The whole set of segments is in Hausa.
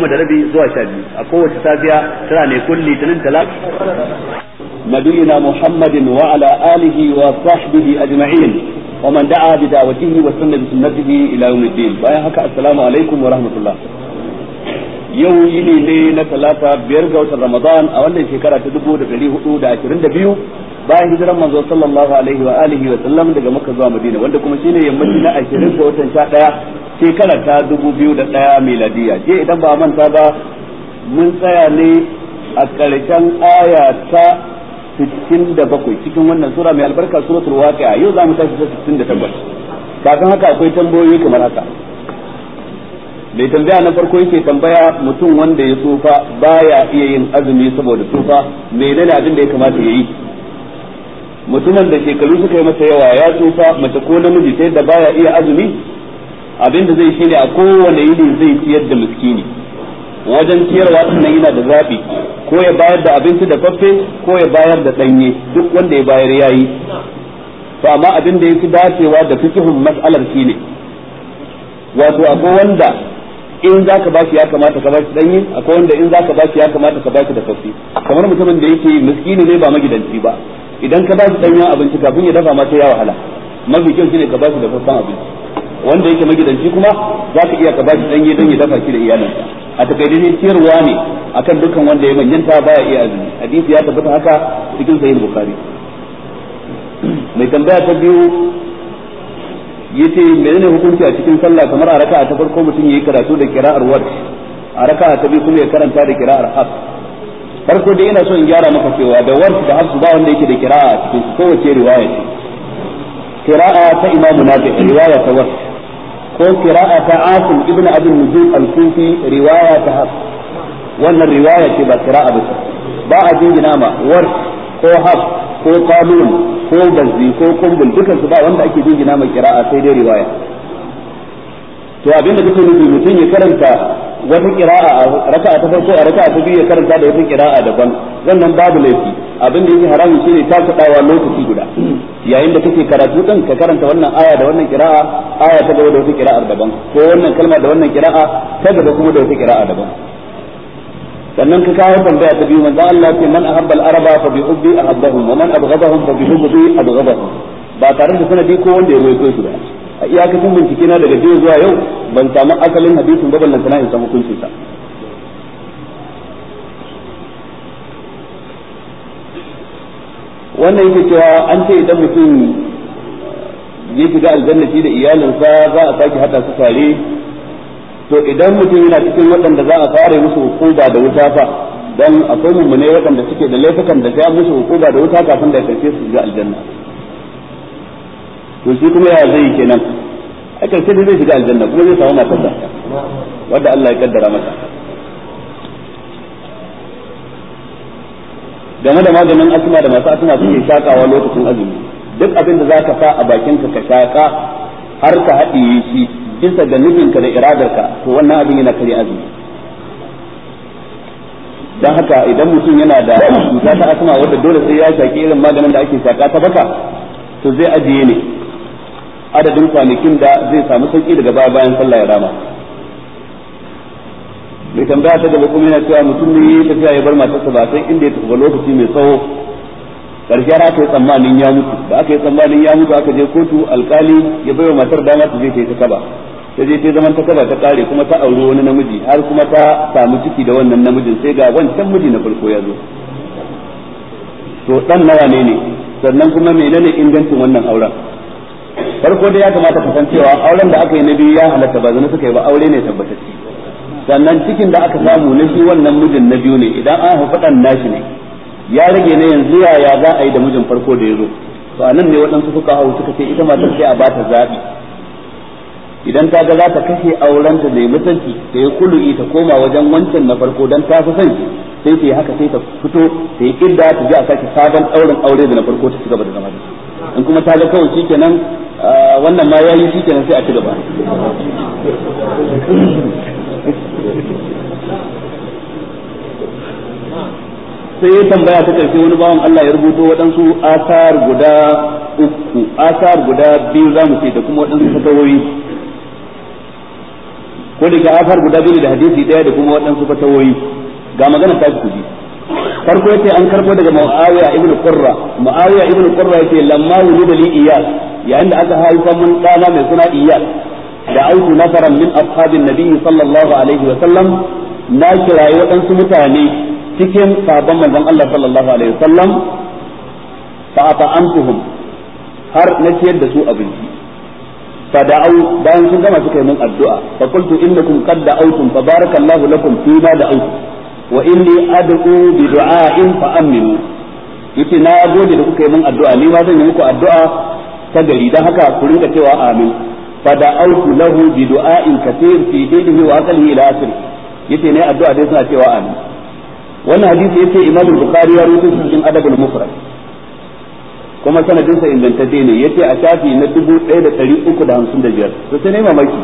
goma da rabi zuwa sha biyu a kowace safiya tana ne kulli tunan talak نبينا محمد وعلى آله وصحبه أجمعين ومن دعا بدعوته وسن بسنته إلى يوم الدين بايحك السلام عليكم ورحمة الله yau yini ne na talata biyar ga watan ramadan a wannan shekara dubu da dari hudu da ashirin da biyu bayan hijiran manzo sallallahu alaihi wa alihi wa sallam daga Makka zuwa Madina wanda kuma shine yammaci na 20 ga watan 11 shekarar ta 2001 miladiya je idan ba manta ba mun tsaya ne a karshen aya ta 67 cikin wannan sura mai albarka suratul waqi'a yau za mu tashi ta 68 kafin haka akwai tambayoyi kamar haka mai tambaya na farko yake tambaya mutum wanda ya tsufa baya iya yin azumi saboda tsufa menene abin da ya kamata ya yi mutumin da shekaru suka yi masa yawa ya tsufa mace ko namiji sai da baya iya azumi abin da zai shine a kowane yini zai ciyar da miskini wajen ciyarwa sannan yana da zaɓi ko ya bayar da abinci da faffe ko ya bayar da ɗanye duk wanda ya bayar ya yi to amma abin da ya fi dacewa da fikihun mas'alar shi ne wato akwai wanda in za ka shi ya kamata ka ba shi ɗanye akwai wanda in za ka shi ya kamata ka ba shi da faffe kamar mutumin da yake miskini ne ba magidanci ba idan ka ba shi danyen abinci kafin ya dafa ma sai ya wahala mafi kyau shine ka ba shi farkon abinci wanda yake magidanci kuma za ka iya ka ba shi danye don ya dafa shi da sa a takaice ne ciyarwa ne akan dukkan wanda ya manyanta baya iya azumi hadisi ya tabbata haka cikin sahih bukhari mai tambaya ta biyu yace menene hukunci a cikin sallah kamar a raka'a ta farko mutum yayi karatu da kira'ar wad a raka'a ta biyu kuma ya karanta da kira'ar hafs farko dai ina so in gyara maka cewa da wasu da hafsu ba wanda yake da kira'a a cikin su kowace riwaya ce kira'a ta imamu da riwaya ta wasu ko kira'a ta asim ibn abin nujum al-kufi riwaya ta hafsu wannan riwaya ce ba kira'a ba ba a jingina ma wasu ko hafs ko kalun ko gazi ko kumbul dukan su ba wanda ake jingina ma kira'a sai dai riwaya to abinda kake nufi mutum ya karanta wata kira'a a raka'a ta farko a raka'a ta biyu ya karanta da wata kira'a daban wannan babu laifi abin da yake harami shine ta kudawa lokaci guda yayin da kake karatu din ka karanta wannan aya da wannan kira'a aya ta gaba da wata kira'ar daban ko wannan kalma da wannan kira'a ta gaba kuma da wata kira'a daban sannan ka kawo tambaya ta biyu manzo Allah ce man ahabba al-araba fa bi hubbi ahabbahum wa man abghadahum fa bi hubbi abghadahum ba tare da sanadi ko wanda ya roƙo su ba a iyakacin bincike na daga jiya zuwa yau ban samu asalin hadisin ba ballan sana in samu hukuncin sa wannan yake cewa an ce idan mutum eh, ya shiga aljanna shi da iyalinsa za a sake hada su tare to idan mutum yana cikin waɗanda za a fara musu hukuma da wuta fa dan akwai mummune waɗanda suke da laifukan da ta musu hukuma da wuta kafin da ya karshe su shiga aljanna to shi kuma ya zai kenan a karshe zai shiga aljanna kuma zai samu matar da wanda Allah ya kaddara masa game da maganin asma da masu asma suke shakawa lokacin azumi duk abin da zaka fa a bakinka ka shaka har ka haɗiye shi bisa ga ka da iradarka to wannan abin yana kare azumi dan haka idan mutum yana da cuta ta asma wanda dole sai ya shaki irin maganin da ake shaka ta baka to zai ajiye ne adadin kwanakin da zai samu sauki daga baya bayan sallah ya rama mai tambaya ta gaba kuma yana cewa mutum ne ya tafiya ya bar matarsa ba sai inda ya tafi lokaci mai tsawo karshe har aka yi tsammanin ya mutu da aka yi tsammanin ya mutu aka je kotu alkali ya bai wa matar dama ta je ta yi ta kaba ta je ta yi zaman ta kaba ta kare kuma ta auri wani namiji har kuma ta samu ciki da wannan namijin sai ga wancan miji na farko ya zo to dan nawa ne ne sannan kuma menene ingancin wannan auren farko dai ya kamata ku san cewa auren da aka yi na biyu ya halatta ba zina suka yi ba aure ne tabbatacce sannan cikin da aka samu na shi wannan mijin na biyu ne idan an haifi dan nashi ne ya rage na yanzu yaya za a yi da mijin farko da ya zo to anan ne waɗansu suka hau suka ce ita matar sai a ba ta zaɓi idan ta ga za ta kashe aurenta da mutunci ta yi kulu'i ta koma wajen wancan na farko dan ta fi son sai ta yi haka sai ta fito ta yi kidda ta je a sake sabon auren aure da na farko ta ci gaba da zama da su in kuma ta ga kawai shikenan wannan ma yayi shikenan sai a ci gaba sai ya tambaya ta karshe wani bawan Allah ya rubuto waɗansu asar guda uku asar guda biyu za mu ce da kuma waɗansu fatawoyi ko da asar guda biyu da hadisi ɗaya da kuma waɗansu fatawoyi ga magana ta ku ji farko yace an karbo daga Muawiya ibnu Qurra Muawiya ibn Qurra yace lamma wulida li Iyas yayin da aka haifa mun dana mai suna Iyas da aiku nafaran min ashabin nabiyyi sallallahu alaihi wa sallam na kirayi waɗansu mutane cikin sabon manzon Allah sallallahu alaihi wa sallam fa ata'amtuhum har na ciyar da su abinci fa fada'au bayan sun gama suka yi mun addu'a fa qultu innakum qad da'awtum fa barakallahu lakum ma da'awtum wa inni ad'u bi du'a'in fa aminu yace na gode da kuka yi min addu'a ni ma zan yi muku addu'a ta gari dan haka ku rinka cewa amin fa da'awtu lahu bi du'a'in katir fi dinihi wa aqlihi ila asri yace ne addu'a dai suna cewa amin wannan hadisi yace Imam Bukhari ya rubuta shi cikin Adabul Mufrad kuma sanadinsa ingantacce ne yace a shafi na 1355 to sai ne mamaki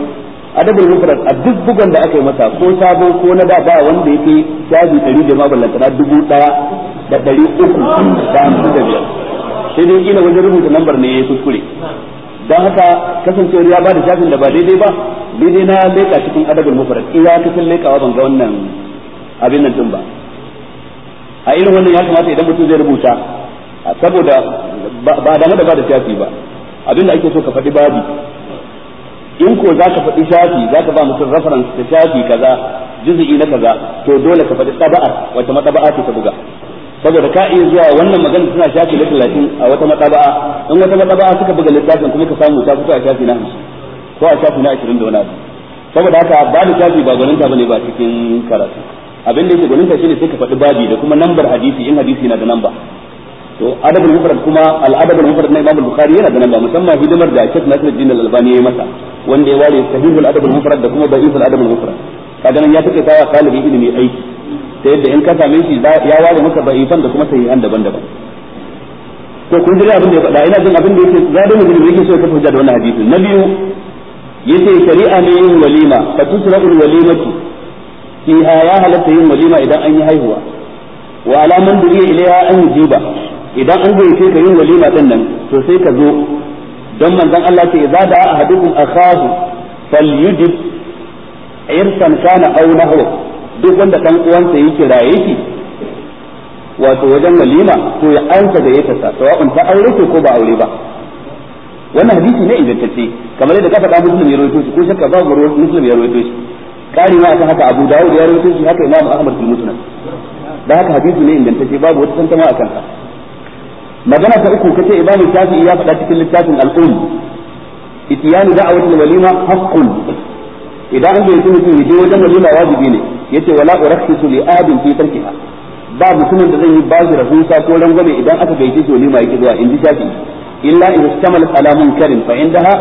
adabul mufrad a duk bugan da aka yi masa ko sabo ko na da ba wanda yake shafi 100 da maballantana dubu ɗaya da 300 uku da hamsin da biyar sai dai kina wajen rubuta lambar ne ya kuskure don haka kasancewar ya ba da shafin da ba daidai ba daidai na leka cikin adabul mufrad iya cikin leƙawa ban ga wannan abin nan din ba a irin wannan ya kamata idan mutum zai rubuta saboda ba da da ba da shafi ba abin da ake so ka faɗi babu in ko za ka faɗi shafi za ka ba mutum reference ta shafi kaza juzu'i na kaza to dole ka faɗi taba'a wata mataba'a ce ta buga saboda ka iya zuwa wannan magana suna shafi na talatin a wata mataba'a in wata mataba'a suka buga littafin kuma ka samu ta fito a shafi na hamsin ko a shafi na ashirin da wani abu saboda haka ba da shafi ba gwaninta bane ba cikin karatu abin da yake gwaninta shine sai ka faɗi babi da kuma nambar hadisi in hadisi na da namba to adabul mufrad kuma al adabul mufrad na imam bukhari yana da nan ba musamman hidimar da Sheikh Nasiruddin al-Albani yayi masa wanda ya ware sahihul adabul mufrad da kuma da'iful adabul mufrad kaga nan ya take sawa kalibi ilimi aiki ta yadda in ka same shi ya ware maka da'ifan da kuma sahihan daban-daban to kun jira abin da ya faɗa ina jin abin da yake zaɗi mutum yake so ya kafa hujja da wannan hadisi na biyu yace shari'a ne yin walima fa tusra'ul walimatu fiha ya halatta yin walima idan an yi haihuwa wa alaman duriya ilaiha an yujiba idan an gayyace ka yin walima din nan to sai ka zo don manzon Allah ce idza da'a ahadukum akhahu falyujib irsan kana aw nahwa duk wanda dan uwansa yake raye shi wato wajen walima to ya ansa da yake sa sawa'un ta aure ce ko ba aure ba wannan hadisi ne ingantacce kamar yadda ka faɗa muslim ya rawaito shi ko shakka babu muslim ya rawaito shi kari ma akan haka abu dawud ya rawaito shi haka imam ahmad bin musnad da haka hadisi ne ingantacce babu wata tantama akan sa magana ta uku kace ibani shafi'i ya faɗa cikin littafin al-um itiyanu da'awatul walima haqqun idan an yi mutum ya je wajen walima wajibi ne yace wala urakhisu li adin fi tarkiha ba mutumin da zai yi ba shi rahusa ko rangwame idan aka gayyace shi walima yake zuwa inda ji illa idza istamal ala munkarin fa indaha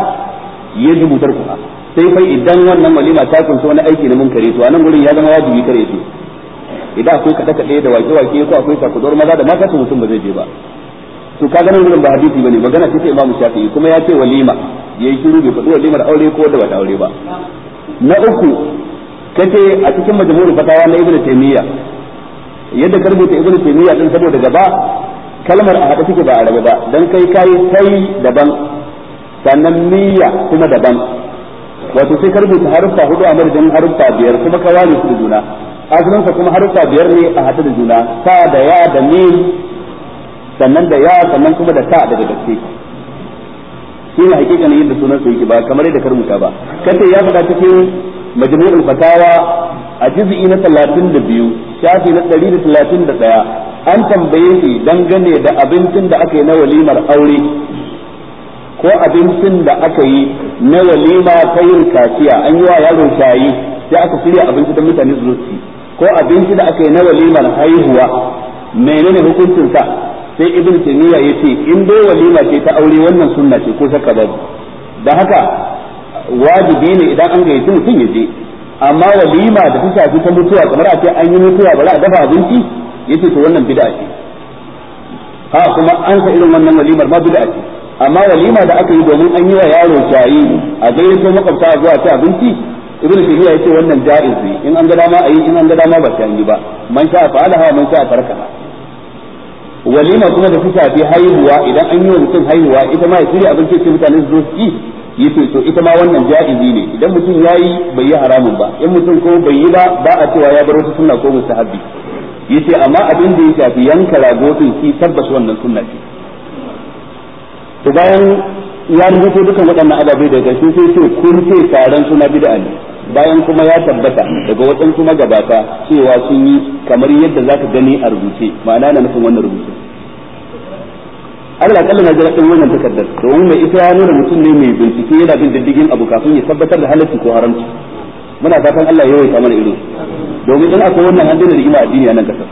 yajibu tarkuha sai fa idan wannan walima ta kunsa wani aiki na munkari to anan gurin ya zama wajibi kare shi idan akwai kada kada da wake wake ko akwai sakudor maza da mata to mutum ba zai je ba to ka ganin gurin ba hadisi bane magana ce ta Imam Shafi'i kuma ya ce walima yayi shiru bai faɗi walimar aure ko da bata aure ba na uku kace a cikin majmu'ul fatawa na Ibn Taymiyyah yadda ka rubuta Ibn Taymiyyah din saboda gaba kalmar a haɗa take ba a rabe ba dan kai kai sai daban sannan niyya kuma daban wato sai ka rubuta haruffa hudu a madadin haruffa biyar kuma ka ware su da juna asalin kuma haruffa biyar ne a haɗa da juna sa da ya da mim sannan da ya sannan kuma da ta daga gaske shi ne hakikanin yadda sunan su yake ba kamar yadda karmuta ba kace ya faɗa cikin majmu'ul fatawa a juz'i na 32 shafi na 131 an tambaye shi dangane da abincin da aka yi na walimar aure ko abincin da aka yi na walima ta yin kaciya an yi wa yaron shayi sai aka shirya abinci da mutane su ko abinci da aka yi na walimar haihuwa menene hukuncin sa sai ibn taymiya yace in dai walima ce ta aure wannan sunna ce ko shakka babu da haka wajibi ne idan an gayyaci mutum ya je amma walima da ta shafi ta mutuwa kamar a ce an yi mutuwa ba za a dafa abinci yace to wannan bid'a ce ha kuma an sa irin wannan walimar ma bid'a ce amma walima da aka yi domin an yi wa yaro shayi a gayyato makwabta zuwa ci abinci ibnu taymiya yace wannan jaiz ne in an ga dama ayi in an ga dama ba ta yi ba man sha fa'alaha man sha walima kuma da suka shafi haihuwa idan an yi wa mutum haihuwa ita ma ya shirya abin ke mutane su zo su ci yi to ita ma wannan ja'izi ne idan mutum ya yi bai yi haramun ba in mutum ko bai yi ba ba a cewa ya bar wata suna ko mustahabbi yace amma abin da ya shafi yanka rago shi tabbas wannan sunna ce to bayan ya rubuto dukkan waɗannan ababai da gaske sai ce kun ce taron suna bid'a ne bayan kuma ya tabbata daga wajen kuma gabata cewa sun yi kamar yadda za ka gani a rubuce ma'ana na nufin wannan rubuce Allah kallon hajjira ɗin wannan takardar domin mai ita ya nuna mutum ne mai bincike yana bin diddigin abu kafin ya tabbatar da halarci ko haramci muna fatan Allah ya yawaita mana ido domin in akwai wannan hadin da rigima addini a nan kasar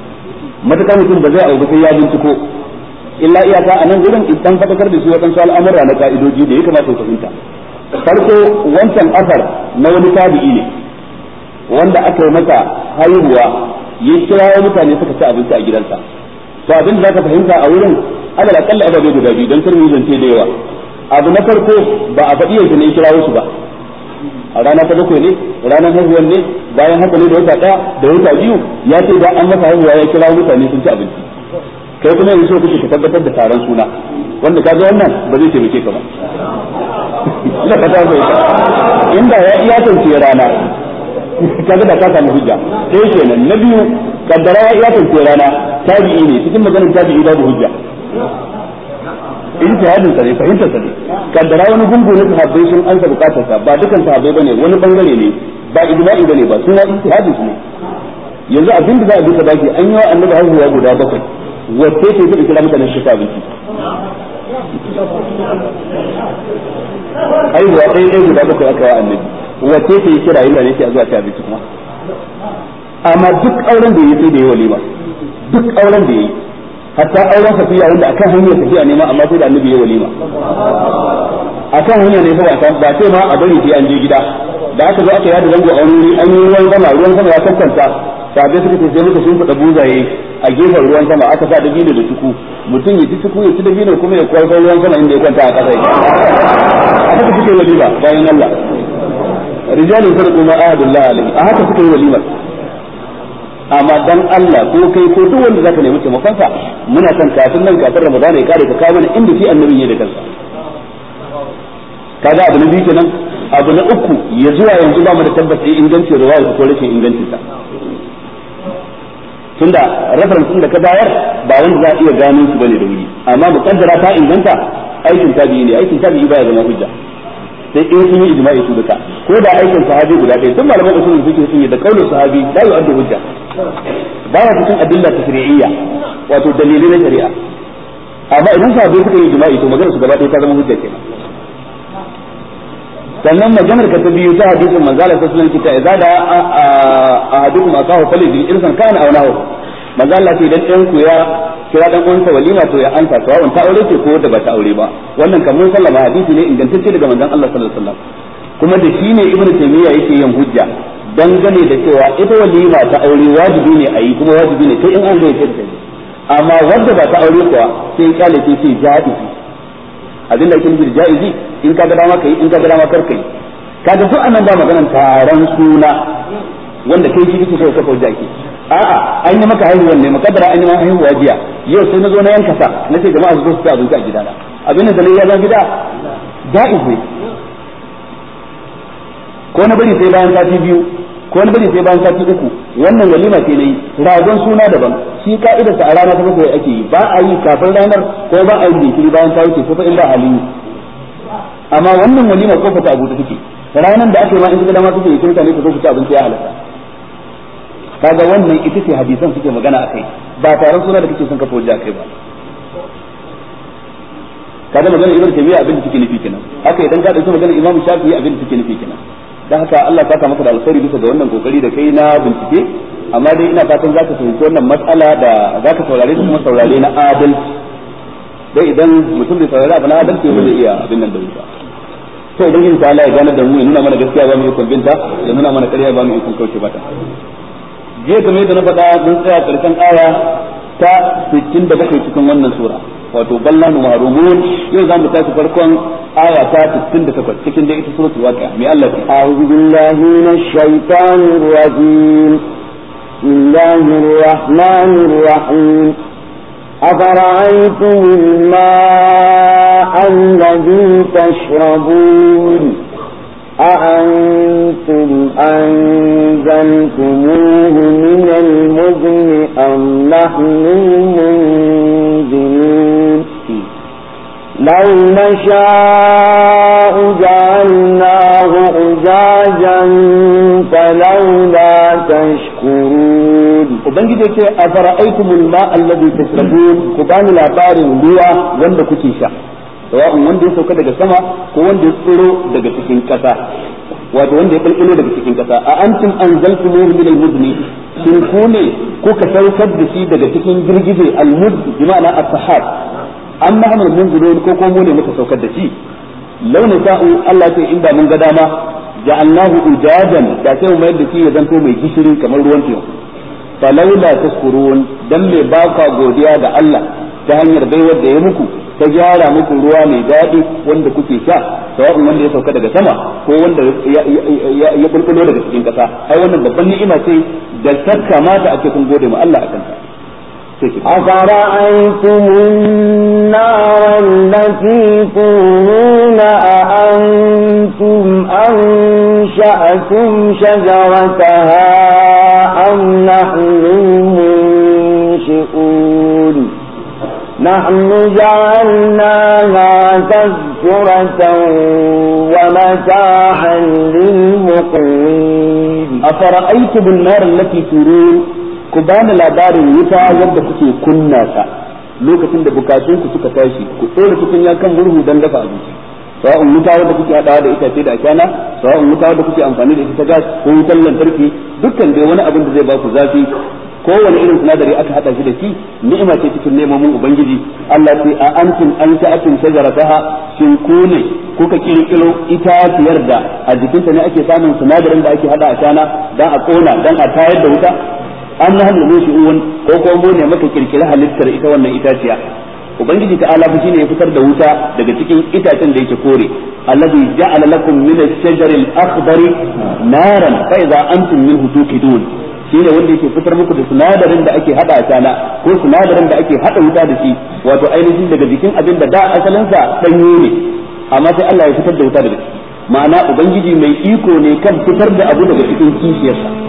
matakan mutum ba zai abu sai ya binciko illa iyaka a nan gurin idan fatakar da su waɗansu al'amura na ka'idoji da ya kamata su fahimta farko wancan asar na wani tabi'i ne wanda aka yi masa haihuwa ya kira mutane suka ci abinci a gidansa to abin da zaka fahimta a wurin adala kalla ababe guda biyu don kar zance da yawa abu na farko ba a faɗi yanzu ne kira wasu ba a rana ta bakwai ne ranar haihuwar ne bayan haka ne da wata ɗaya da wata biyu ya ce da an masa haihuwa ya kira mutane sun ci abinci kai kuma yanzu so kake ka tabbatar da taron suna wanda ka ga wannan ba zai taimake ka ba na ta zai ta inda ya iya tance rana kaga da ka samu hujja sai kenan na biyu kaddara ya iya tance rana tabi'i ne cikin maganar tabi'i babu hujja in ijtihadin sa ne fahimtar sa ne kaddara wani gungu na sahabbai sun ansa bukatar sa ba dukkan sahabbai bane wani bangare ne ba ijma'i bane ba suna ijtihadin su ne yanzu abin da za a bi ta baki an yi wa annabi haihuwa guda bakwai wacce ce ta kira mutanen shi ta biki aiwa ɗaya ɗaya guda bakwai aka wa annabi wace ta yi kira yi ne ke a zuwa ta abinci kuma amma duk auren da yi sai da yi walima duk auren da yi hatta auren safiya wanda akan hanyar safiya ne ma amma sai da annabi ya walima akan hanya ne fa ba sai ma a bari sai an je gida da aka zo aka yada zango a wani an yi ruwan sama ruwan sama ya kankanta sabai suka ce sai muka fada buzaye a gefen ruwan sama aka sa dabino da tuku mutum ya ci tuku ya ci dabino kuma ya kwalfa ruwan sama inda ya kwanta a a haka suke walima bayan Allah rijalu sarqu ma ahadullah alaihi a haka suke walima amma dan Allah ko kai ko duk wanda zaka nemi taimakonsa muna son kafin nan kafin Ramadan ya kare ka kawo mana inda shi annabi ya da kansa kaga abu na yake nan. abu na uku ya zuwa yanzu ba mu da tabbaci ingancin riwayar ko rashin ingancin ta tunda reference da ka bayar ba wanda za a iya gano su bane da wuri amma muqaddara ta inganta aikin tabi'i ne aikin tabi'i baya zama hujja sai in sun yi ijma'i su duka ko da aikin sahabi guda ɗaya duk malaman usulun suke sun yi da kaulin sahabi la yu'addu hujja ba ya cikin adilla tashri'iyya wato dalilai na shari'a amma idan sahabi suka yi ijma'i to magana su gaba ɗaya ta zama hujja kenan sannan maganar ka ta biyu ta hadisin manzala ta sunan kita idza da ahadukum akahu falidi irsan kana aw nahu manzala ce idan ɗan ku ya kira dan uwansa walima to ya ansa sawa'un ta aure ce ko da ba ta aure ba wannan kamar sallama hadisi ne ingantacce daga manzon Allah sallallahu alaihi wasallam kuma da shi ne ibnu taymiya yake yin hujja dangane da cewa ita walima ta aure wajibi ne a yi kuma wajibi ne sai in an zai ta amma wanda ba ta aure kuwa sai kyale ce ce ja'izi abin da ake nufi da jaizi in ka ga dama kai in ka ga dama karkai Ka kaga duk anan ba maganan taron suna wanda kai shi kike so ka fauja ki a'a an yi maka haihuwa ne makaddara an yi maka haihuwa jiya yau sai na zo na yanka sa na ce jama'a su zo su ci abinci a na abin da ya zan gida jaiz ne ko na bari sai bayan sati biyu ko wani bari sai bayan sati uku wannan walima ce nayi ragon suna daban shi ka'idar sa a rana ta bakwai ake yi ba a yi kafin ranar ko ba a yi jinkiri bayan ta wuce ko fa illa halin amma wannan walima ko ta abu ta take ranar da ake ma in kuma dama take yi mutane ne ko fata ci abinci ya halatta kaga wannan ita ce hadisan suke magana akai ba taron suna da kake son kafa wajen akai ba kaga magana ibn tabiya abin da take nufi kenan haka idan ka dauki magana imam shafi'i abin da take nufi kenan da haka Allah saka maka da alkhairi bisa ga wannan kokari da kai na bincike amma dai ina fatan za ka fahimci wannan matsala da za ka saurare kuma saurare na adalci dai idan mutum bai saurare abu na adalci ba zai iya abin nan da wuta to idan insha Allah ya gane da mu ya nuna mana gaskiya ba mu yi kwambinta ya nuna mana ƙarya ba mu yi kun kauce bata je kamar yadda na faɗa mun tsaya ƙarshen aya ta 67 cikin wannan sura wato ballan marumun yau zamu tashi farkon aya ta 68 cikin da ita suratul waqi'a mai Allah ta a'udhu billahi minash shaitanir rajim bismillahir rahmanir rahim afara'aytum الماء الذي tashrabun أأنتم أنزلتموه من المزن أم نحن المنزل لو نشاء جعلناه أجاجا فلولا تشكرون وبنك ديك أفرأيتم الماء الذي تشربون كباني لأفار الليوة وند كتيشة رغم وند يسوك دك سما كوند يسوكرو دك سكين كتا وند يسوكرو دك سكين كتا أأنتم أنزلتموه من المدني سنكوني كوك سوكد بسي دك سكين جرجزي المد بمعنى الصحاب an na mun zuro ko ko mu ne muka saukar da shi launin sa'u Allah ce in ba mun ga dama ja'alnahu ujadan da sai mu mayar da shi ya zanto mai gishiri kamar ruwan teku falaula tashkurun dan me ba ka godiya ga Allah ta hanyar baiwar da ya muku ta gyara muku ruwa mai daɗi wanda kuke sha sawa'un wanda ya sauka daga sama ko wanda ya bulbulo daga cikin ƙasa ai wannan babban ni'ima ce da ta kamata ake kun gode mu Allah akan ta أفرأيتم النار التي تؤمنون أأنتم أنشأتم شجرتها أم نحن المنشئون نحن جعلناها تذكرة ومتاحا للمقوين أفرأيتم النار التي ترون ku bani labarin wuta yadda kuke kunna ta lokacin da bukatun ku suka tashi ku tsora tukunya kan murhu dan dafa abinci sawa'un wuta wadda kuke hadawa da itace da akana sawa'un wuta wadda kuke amfani da ita gas ko wutar lantarki dukkan dai wani abin da zai ba ku zafi kowane irin sinadari aka hada shi da shi ni'ima ce cikin neman ubangiji Allah sai a antum an ta'atun shajarataha shin ku ne kuka kirkiro itaciyar da a jikinta ne ake samun sinadarin da ake hada a shana dan a kona dan a tayar da wuta an na hannun mushi'un ko ko mu ne maka kirkiri halittar ita wannan itaciya ubangiji ta fa shine ya fitar da wuta daga cikin itacen da yake kore alladhi ja'ala lakum min ash-shajari al-akhdari naran fa idza antum minhu tuqidun shine wanda yake fitar muku da sinadarin da ake hada sana ko sinadarin da ake hada wuta da shi wato ainihin daga jikin abin da da asalin sa ne amma sai Allah ya fitar da wuta daga ciki ma'ana ubangiji mai iko ne kan fitar da abu daga cikin kishiyarsa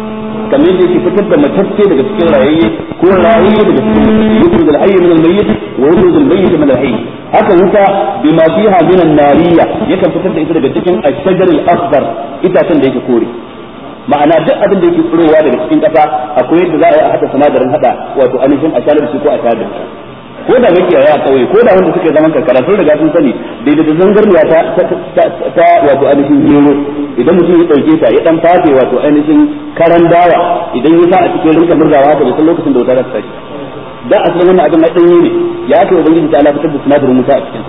kamar yadda yake fitar da matacce daga cikin rayayye ko rayayye daga cikin yukhrij al-hayy min al-mayyit wa yukhrij al-mayyit min al-hayy haka wuta bima fiha min an-nariya yakan fitar da ita daga cikin ash-shajar asfar. itacen da yake kore ma'ana duk abin da yake tsirowa daga cikin kasa akwai yadda za a yi a hada sanadarin hada wato anishin a shanar shi ko a shanar ko da makiyaya a kawai ko da wanda suke zaman karkara sun riga sun sani daidai da zangarniya ta ta wato ainihin gero idan mutum ya dauke ta ya dan fafe wato ainihin karan dawa idan ya sa a cikin rinka murzawa ta bai san lokacin da wutar ta tashi da asalin wannan abin na danyi ne ya aka ubangiji ta alaƙa da sinadarin wuta a cikin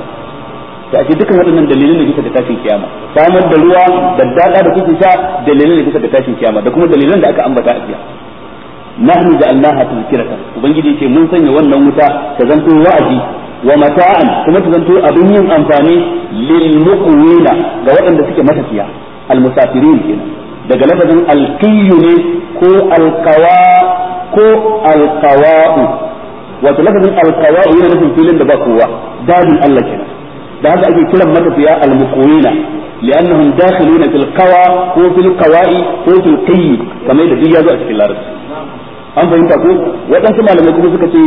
ta ake dukkan waɗannan dalilin da kusa da tashin kiyama samar da ruwa da daɗa da kuka sha dalilin da kusa da tashin kiyama da kuma dalilan da aka ambata a jiya nahnu ja'alnaha tazkiratan ubangiji ce mun sanya wannan wuta ta zanto wa'azi wa mata'an kuma ta zanto abin yin amfani lil muqwina ga waɗanda suke matafiya al musafirin kenan daga lafazin al ne ko al qawa ko al qawa'u wato lafazin al qawa'u yana nufin filin da ba kowa dadin Allah kenan da haka ake kiran matafiya al muqwina لأنهم داخلون في القوى هو في القوائي هو في القي كما يدري يجوز في الأرض an fahimta ko waɗansu malamai kuma suka ce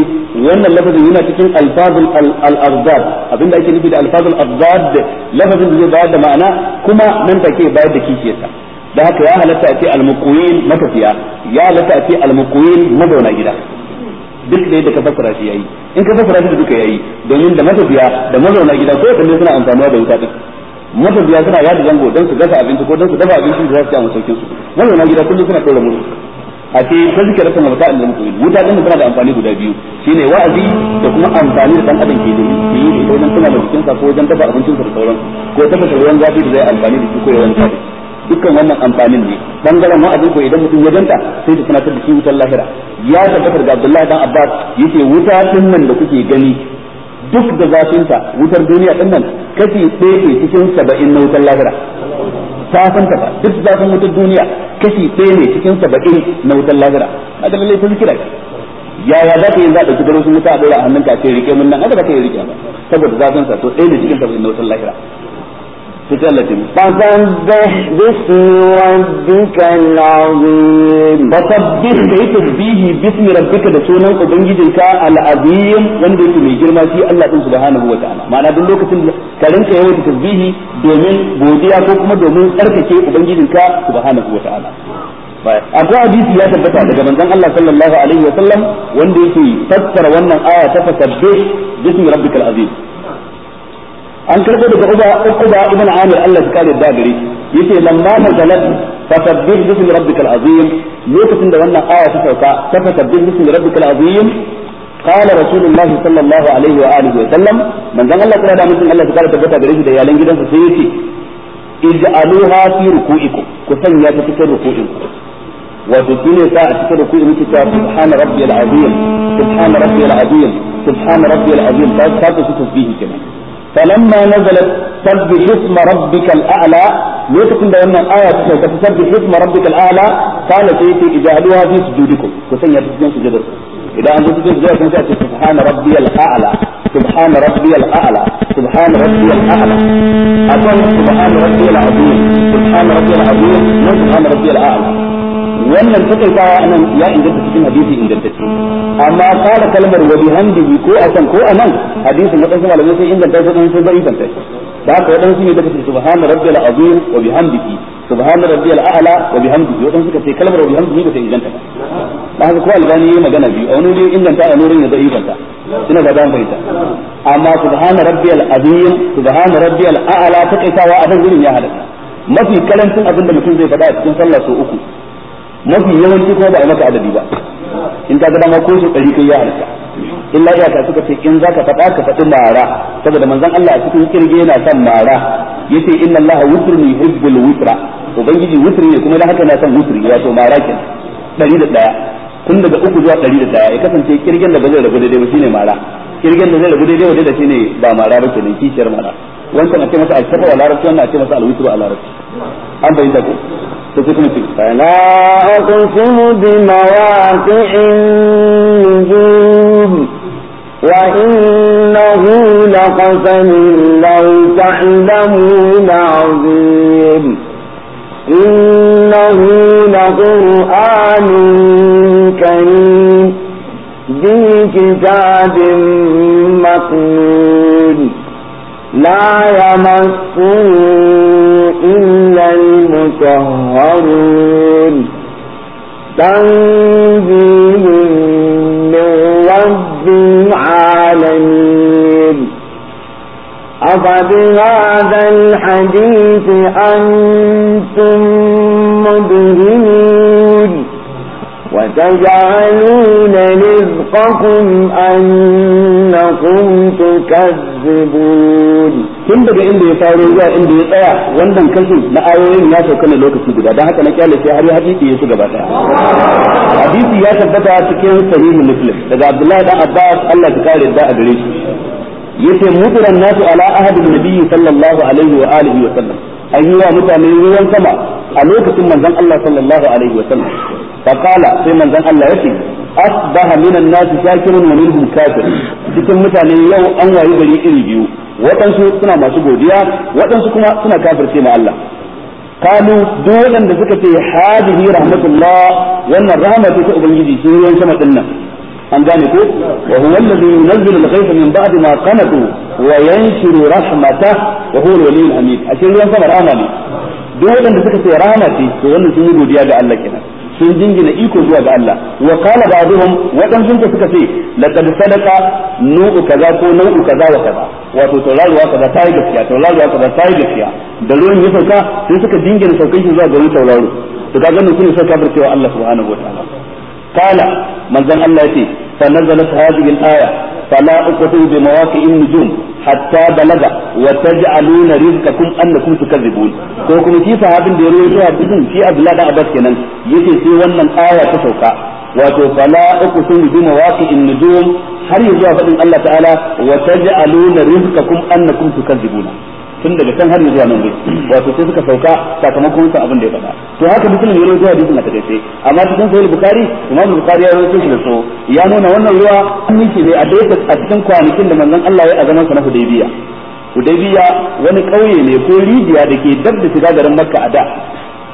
wannan lafazin yana cikin alfazul al-azdad abinda ake nufi da alfazul azdad lafazin da zai bayar da ma'ana kuma nan take bayar da kishiyarsa da haka ya halatta a ce al-muqawin matafiya ya halatta a ce al-muqawin mazauna gida duk da yadda ka fassara shi yayi in ka fassara shi duka yayi domin da matafiya da mazauna gida ko kalle suna amfanuwa da wuta duk matafiya suna yada zango don su gasa abinci ko don su dafa abinci da za su ci a masaukin su mazauna gida kullum suna kaura musu a ce tazkiratan suke rasa na mu'min wuta din tana da amfani guda biyu shine wa'azi da kuma amfani da dan adam ke da shi yi da idan suna da cikin sa ko wajen dafa abincin sa da sauran ko ta fata zafi da zai amfani da shi ko yawan dukkan wannan amfanin ne bangaren wa'azi ko idan mutum wajen ta sai ta tunatar da shi wutar lahira ya tabbatar da Abdullahi dan Abbas yace wuta din nan da kuke gani duk da zafinta wutar duniya din nan kashi ɗaya ke cikin saba'in na wutar lahira safan ta ba duk zafin wutar duniya kashi ɗaya ne cikin saba'in na wutar lahira haka lalle ta zikira yaya za ka yi za ka ɗauki garwashin wuta a ɗora a hannun ka ce rike mun nan haka ba ka yi rike ba saboda zafin sa to ɗaya ne cikin saba'in na wutar lahira فسبح باسم ربك العظيم فسبح كي تسبيه باسم ربك da sunan ubangijinka al'azim wanda yake mai girma shi Allah din subhanahu wataala ma'ana duk lokacin ka rinka yawan tasbihi domin godiya ko kuma domin tsarkake ubangijinka subhanahu wataala ko hadisi ya tabbata daga manzon Allah sallallahu alaihi wa sallam wanda yake fassara wannan aya ta fasabbih bismi rabbikal azim an karɓo daga uba uku ba ibn amir Allah ya kare dadiri yace lamma fazalat fa tabbih bi rabbikal azim lokacin da wannan aya ta sauka ta fa tabbih bi rabbikal azim قال رسول الله صلى الله عليه واله وسلم من ذا الله تعالى من الله تعالى تبتا بريش ده جدا سيتي اجعلوها في ركوعكم كسن يا تكي وتدني ساعه تكي ركوعكم سبحان ربي العظيم سبحان ربي العظيم سبحان ربي العظيم فاتت تسبيح كمان فلما نزلت سبح اسم ربك الأعلى lokacin da wannan aya ta sauka sabbi hisma rabbikal a'la kana sai yace ijaluha fi sujudikum ku sanya ta cikin sujudar idan an zo cikin sujudar kun sai ce subhana rabbiyal a'la subhana rabbiyal a'la subhana rabbiyal a'la akan subhana rabbiyal azim subhana rabbiyal azim subhana rabbiyal a'la wannan takaitawa anan ya inganta cikin hadisi ingantacce amma fara kalmar wa bihamdihi ko a can ko a nan hadisin wadansu malamai sai inganta shi sun bari inganta shi da haka wadansu ne daga subhana rabbiyal azim wa bihamdihi subhana rabbiyal a'la wa bihamdihi wadansu suka ce kalmar wa bihamdihi ba ta inganta ba da haka ko albani yayi magana biyu a wani ne inganta a nurin ya da ta ina ga dan baita amma subhana rabbiyal azim subhana rabbiyal a'la takaitawa a nan gurin ya halatta mafi karancin abin da mutum zai faɗa a cikin sallah so uku mafi yawanci kuma ba a maka adadi ba in ka ga dama ko shi ɗari kai ya halatta illa iyaka suka ce in zaka faɗa ka faɗi mara saboda manzon Allah a cikin kirge yana son mara yace inna Allah wutrun yuhibbul wutra ubangiji wutri ne kuma da haka na son wutri wato mara kenan ɗari da ɗaya tun daga uku zuwa ɗari da ɗaya ya kasance kirgen da ba zai rabu daidai ba shine mara kirgen da zai rabu daidai wajen da shine ba mara ba ke ne kishiyar mara wancan a ce masa alkafa wa larabci wannan a ce masa alwutru a larabci an bayyana ko فلا أقسم بمواقع النجوم وإنه لقسم لو تعلمون عظيم إنه لقرآن كريم ذي كتاب مقنون لا يمسه إلا المطهرون تنزيل من رب العالمين أفبهذا الحديث أنتم مدهنون وتجعلون رزقكم أنكم تكذبون tun daga inda ya faro zuwa inda ya tsaya wannan kashin na ayoyin ya sauka ne lokaci guda don haka na kyale sai har hadisi ya shiga gaba hadisi ya tabbata cikin sahihu muslim daga abdullahi dan abbas Allah ta kare da a gare shi yace muturan nasu ala ahadin nabiyyi sallallahu alaihi wa alihi wa sallam an yi wa mutane ruwan sama a lokacin manzon Allah sallallahu alaihi wa sallam فقال في من ذن الله يسي أصبح من الناس شاكرا ومنهم كافر ذكر مثلا يو أنوى يبلي إليه وتنسو سنة ما سبو ديا وتنسو كنا سنة كافر سيما الله قالوا دولا بذكة هذه رحمة الله وأن الرحمة تتعب الجدي سنوى سمع لنا أن جانكو وهو الذي ينزل الغيث من بعد ما قنكو وينشر رحمته وهو الولي الحميد أشير لنا سمع رحمة دولا بذكة رحمة تتعب الجدي سنوى سمع sun jingina iko zuwa ga Allah wa qala ba'dhum wadansu suka ce laqad sadaqa nu'u kaza ko nau'u kaza wa kaza wato wa kaza ta yi gaskiya wa kaza ta yi gaskiya da ruwan ya sauka sun suka jingina saukan shi zuwa ga wani tauraro to kaga nan kuma sai kafircewa Allah subhanahu wa ta'ala qala manzon Allah yace fa nazalat hadhihi al-aya fala uqtu bi mawaqi'in nujum hatta balaga wa taj'aluna rizqakum annakum ko kuma shi sahabin da ya rawaito hadisin shi Abdullah da Abbas kenan yace sai wannan aya ta sauka wato fala uqsimu bi mawaqi'in nujum har yanzu a faɗin Allah ta'ala wa taj'aluna rizqakum annakum tukadzibun tun daga can har zuwa nan wato sai suka sauka sakamakon wannan abin da ya faɗa to haka mutum ne ruwa hadisin a takaice amma cikin sahih bukhari imam bukari ya rawaito shi da so ya nuna wannan ruwa an yi ne a daita a cikin kwanakin da manzon Allah ya azama sa na hudaybiya hudaybiya wani kauye ne ko rijiya da ke dab da shiga garin makka a da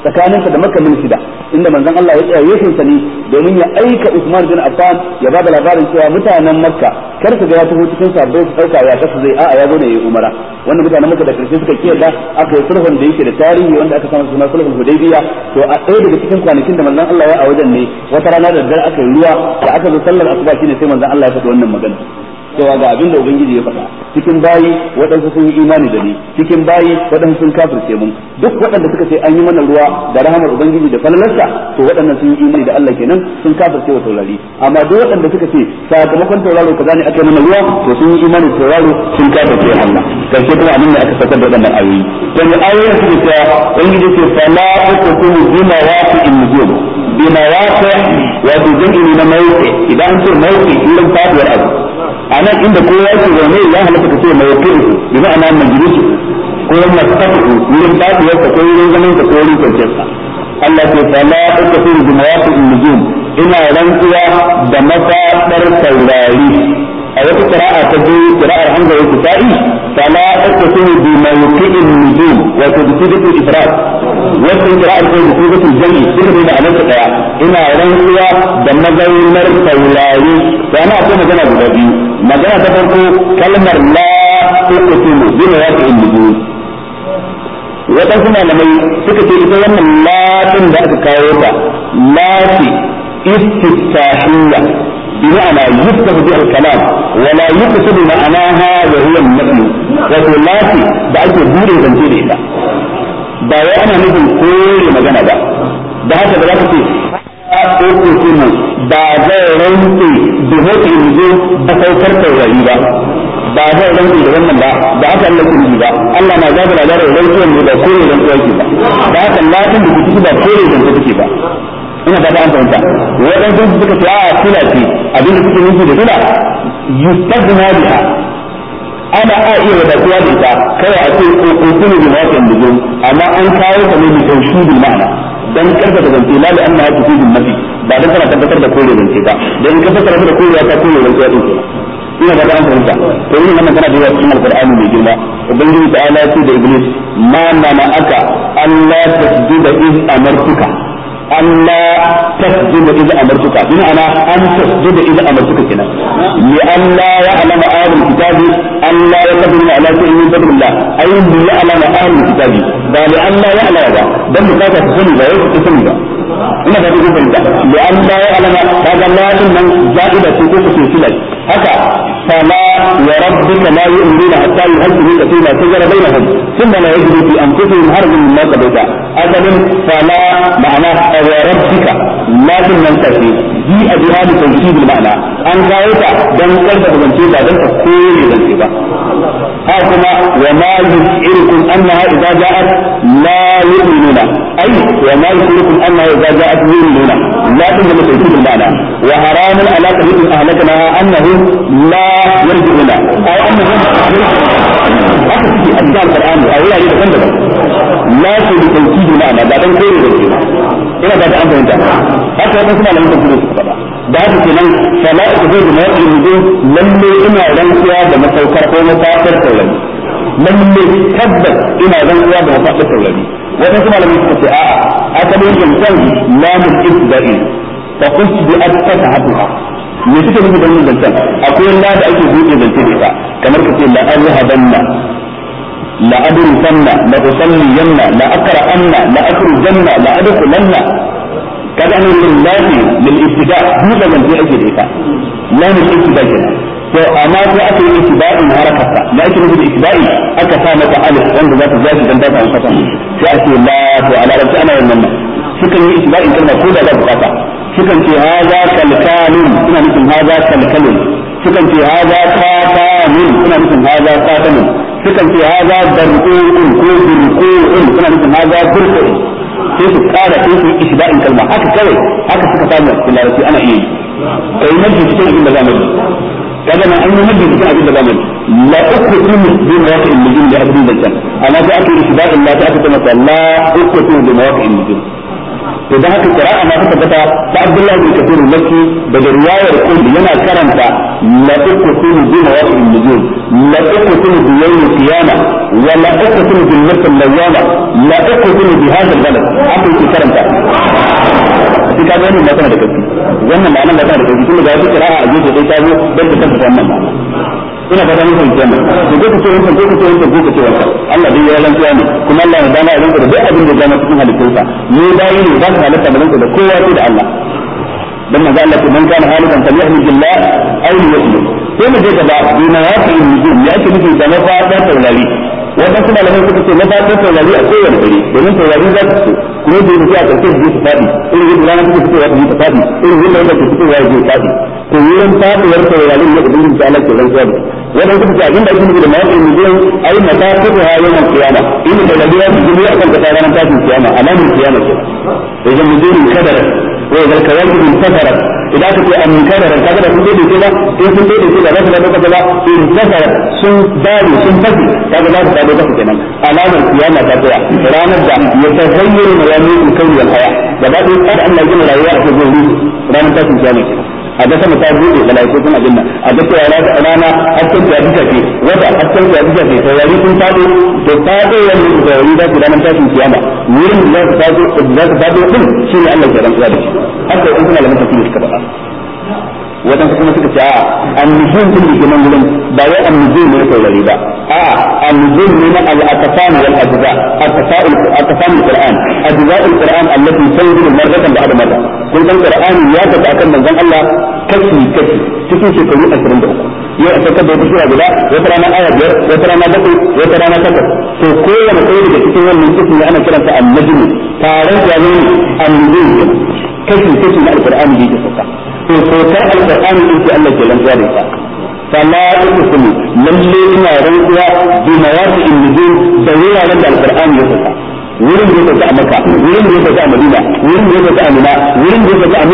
tsakaninsa da makka mil shida inda manzon Allah ya tsaya yashin sa ne domin ya aika Usman bin Affan ya ba da labarin cewa mutanen Makka kar su ga ya taho cikin sabbai su ɗauka ya kasu zai a'a ya zo ne yayi umara wannan mutanen Makka da karshe suka kiyarda aka yi sulhun da yake da tarihi wanda aka samu suna sulhun Hudaybiya to a ɗaya daga cikin kwanakin da manzon Allah ya a wajen ne wata rana da daddare aka yi ruwa da aka zo sallar asuba shine sai manzon Allah ya faɗi wannan magana cewa ga abin da ubangiji ya faɗa cikin bayi waɗansu sun yi imani da ni cikin bayi waɗansu sun kafirce mun duk waɗanda suka ce an yi mana ruwa da rahamar ubangiji da falalarsa to waɗannan sun yi imani da Allah kenan sun kafirce wa taurari amma duk waɗanda suka ce sakamakon tauraro kaza ne ake mana ruwa to sun yi imani da tauraro sun kafirce Allah karshe kuma abin da aka sakar da waɗannan ayoyi dan ayoyin su cewa ubangiji ce fala uqsimu bima in nujum bima waqi' wa bi jam'i na mawqi idan ce mawqi irin faduwar abu أنا عند قوة ومي لا لك كثير ما يقره بمعنى أن الجلوس قوة مستقه من بعد يستقوي لزمن تقوي كالجسة التي فلا تكثير بمواقع النجوم إما رنسية بمفاتر تولاري أو قراءة تجي قراءة حمزة والكسائي فلا تكثير بموقع النجوم وتبتدئ الإفراد wasu kira an kai su su jami duka ne da alaka daya ina rantsuwa da mazaunar taurari to ana akwai magana guda biyu magana ta farko kalmar la uqsimu bi mawaqi'in nujum wadansu malamai suka ce ita wannan latin da aka kawo ta lati istiftahiyya بمعنى يفتح بها الكلام ولا يقصد معناها وهي النفي وتلاتي بأجل دور زنجيري ba wai ana nufin kore magana ba da haka da za ka ce ko kokinu ba zai rantse da taurari ba ba zai rantse da wannan ba da Allah ba Allah na zaɓi labarin rantsuwar ba kore ba da latin da kuke ba kore ba ina ba ta an fahimta waɗansu suka ce a kula ce abinda kuke nufi da kula yustagna biha ana a iya kuwa da ita kawai a ce ko ko kuma bi wata yanzu amma an kawo ta ne mutum shi bi ma'ana dan da zance lalle an ma fi bi mafi ba dan kana tabbatar da kore zance ba dan ka tabbatar da kore ta kore zance ya dinka ina da an fahimta to yin nan kana da yawa cikin alqur'ani mai girma ubangiji ta ala ce da iblis ma mana aka Allah tasjuda iz amartuka an la tasjudu idza amartuka bi ma'ana an tasjudu idza amartuka kina li an la ya'lamu ahlul kitabi an la yaqdiru ala shay'in min qabl la ay li ya'lamu ahlul kitabi bal an la ya'lamu ba dan ka ta sani ba yau ka sani ba ina ga duk banda da an da ya alama kaga la din nan zaida ce ko ce sila haka fala wa rabbika la yu'minuna hatta yuhaqqimu ka fi ma shajara bainahum thumma la yajidu fi anfusihim harajan mimma qadaita asalin fala ma'ana wa rabbika la din nan tafi bi a biya da tauhid ma'ana an kawo ta dan karta da zance ba dan ka kore zance ba ha kuma wa ma yusirukum annaha idza ja'at la yu'minuna ay wa ma yusirukum annaha idza ja'at yu'minuna la tunzil tauhid ma'ana wa haramun ala kabirin ahlakana annahu la yarjuna ay annahu haka suke a cikin alqur'ani a wurare daban-daban la su bi tawkidi ma'ana ba dan kore da ke ina ba da an fahimta haka wannan suna nan tafsirin su faɗa da haka kenan fala ukhzu bi ma'in wudu lalle ina rantsuwa da masaukar ko mafaɗar taurari lalle tabbas ina rantsuwa da mafaɗar taurari wannan kuma malamin suka ce a'a asalin yankan lamun ibda'i fa qusbi at-fatahatuha me suke nufi da wannan zancen akwai wanda da ake buɗe zance da ba kamar ka ce la arhabanna la adrusanna la usalliyanna la aqra'anna la akhrujanna la adkhulanna kaga an yi duka zan ji ake da ita lafi lil ibtida kenan to amma sai aka yi ibtida'in harakata da ake nufi da aka sa mata alif wanda za ta zaci dan sai ake la to a larabci ana yin wannan sukan yi ibtida'in kalma ko da ba bukata sukan ce haza kalkalun suna nufin haza kalkalun sukan haza suna haza sukan ce haza barqun ko burqun suna nufin haza burqun sai su kara sai su in kalma haka kawai haka suka samu a cikin larabci ana iya yi kai majji cikin abin da za mu yi kaga nan an yi majji cikin abin da za mu yi la uqsimu bi mawaqi'il nujum da abin da can amma sai aka yi isba'in la ta aka ce masa la uqsimu bi mawaqi'il nujum to da haka qira'a ma ta tabbata ta Abdullahi bin Kathir al daga riwayar kulli yana karanta la uqsimu bi mawaqi'in nujum la uqsimu bi yawm al wa la uqsimu bil nafs al-lawwama la uqsimu bi hadha al-balad haka yake karanta sai ka ga wannan ba tana da kafi wannan ba nan ba tana da kafi da ga wata kira'a a gefe sai ta zo don ta tabbata wannan ba ina fata mun fahimta ne to duk ce wannan duk ce wannan duk ce wannan Allah dai ya lantsuwa ne kuma Allah ya dana irin da duk abin da ya dana cikin ne dai ne ba ka halitta da ranka da kowa sai da Allah dan manzo Allah ce man kana halikan falyahmidillah aw liyashkur sai mu je gaba dina ya fi nujum ya ce nufi da mafaɗa taurari wadansu malamai suka ce mafaɗa taurari a kowane gari domin taurari za su kuma da yanzu a ƙarshe su su faɗi irin yadda rana suke fitowa su ta faɗi irin yadda wanda ke fitowa ya je faɗi to wurin faɗuwar taurarin ne ubangiji ta Allah ke rantsuwa da suka ce abinda ake nufi da mafaɗa nujum ai mafaɗa ta hayo na kiyama inda taurari za su yi a kan kasa ranar tashin kiyama alamun kiyama ce wajen mujumin kadara wa kawai gudun kasarar idan ka ce amintar da ranka da sun dole ba in sun dole ce ba za su da doka ba in kasa sun dare sun fasi kaga za su da doka kenan alamar kiyama ta tsaya ranar da ya tazayyana ranar kawai da haya gaba ɗaya kada Allah ya gina rayuwa a cikin ranar ta kiyama kenan a ga sama ta buɗe da sun kuma nan a ga cewa rana hasken ta duka ce wata hasken ta duka ce taurari kun fado to fado wani taurari za su ranar tashin kiyama wurin da za su da za su fado din shi ne Allah ya rantsuwa da shi haka in suna da mutafi ka ba waɗansu kuma suka ce a annujum din da nan gurin ba wai annujum ne saurari ba a annujum ne na al-atafan wal ajza atafan atafan al-qur'an ajza al-qur'an allati tanzilu marratan ba'd marra kun dan qur'ani ya tafi akan manzon Allah kashi kashi cikin shekaru 23 ya aka da sura guda wata rana aya biyar wata rana bakwai wata rana takwas to kowane ɗaya daga cikin wannan cikin ana kiran kiransa annujum taron jami'i annujum kashi kashi na al-qur'ani da yake sauka to so ta alqur'ani din shi Allah ke rantsuwa da ita fala uqsimu lalle ina rantsuwa bi mawaqi an-nujum da wuraren da alqur'ani ya saka wurin da ya saka a Makka wurin da ya a Madina wurin da ya a Mina wurin da ya saka a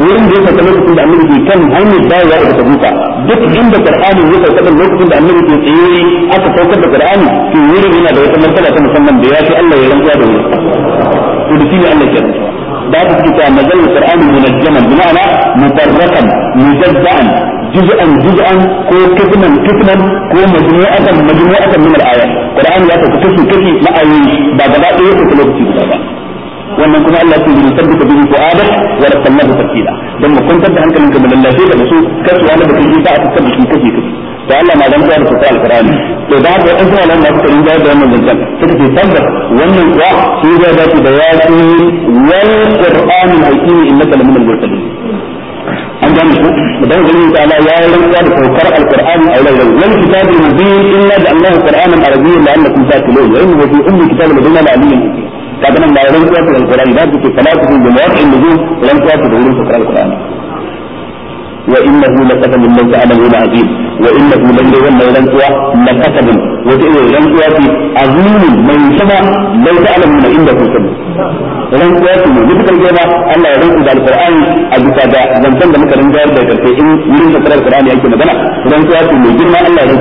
wurin da ya saka lokacin da Annabi kan hanyar dawowa da Tabuka duk inda Qur'ani ya saka kan lokacin da Annabi ke tsaye aka saukar da Qur'ani to wurin yana da wata martaba ta musamman da ya fi Allah ya rantsuwa da wurin to da Allah ke rantsuwa باب الكتاب نزل القرآن منجما بمعنى مفرقا مجزأا جزءا جزءا كو كتما كتما كو مجموعة مجموعة من الآيات القرآن لا تكتسي كتي لا أي بعد لا أي تكلوكتي بابا wannan kuma Allah ke yi tabbata bihi fu'ada wa rasallahu tafsila dan mu kuntar da hankalinka da lallace da su kasuwa da kake ba a tabbata kake kake to Allah na dan kwar ta alqur'ani to da ga wasu malaman da suka rinda da wannan zancan suka ce tabbas wannan kuwa shi zai dace da yasin wal qur'an hakim innaka lamin al-mursalin an gane ku da ganin ta Allah ya rinda da saukar alqur'ani a yau wal kitabul mubin inna ja'alnahu qur'anan arabiyyan la'allakum ta'qilun wa innahu fi ummi kitabul mubin la'allim kaga nan da rinda da alqur'ani da ke salatu bi mawaqi'in nujum ran ta da wurin saukar alqur'ani وإنه لقسم لو تعلمون عظيم وإنه من يوم رنسوا لقسم وتقول رنسوا في عظيم من يسمى لو تعلمون إنه سمى rantsuwa su ne mutukar gaba Allah ya rantsu da alqur'ani a bisa da zancen da muka rinjayar da karfe in wurin da karar qur'ani ake magana rantsuwa su ne girma Allah ya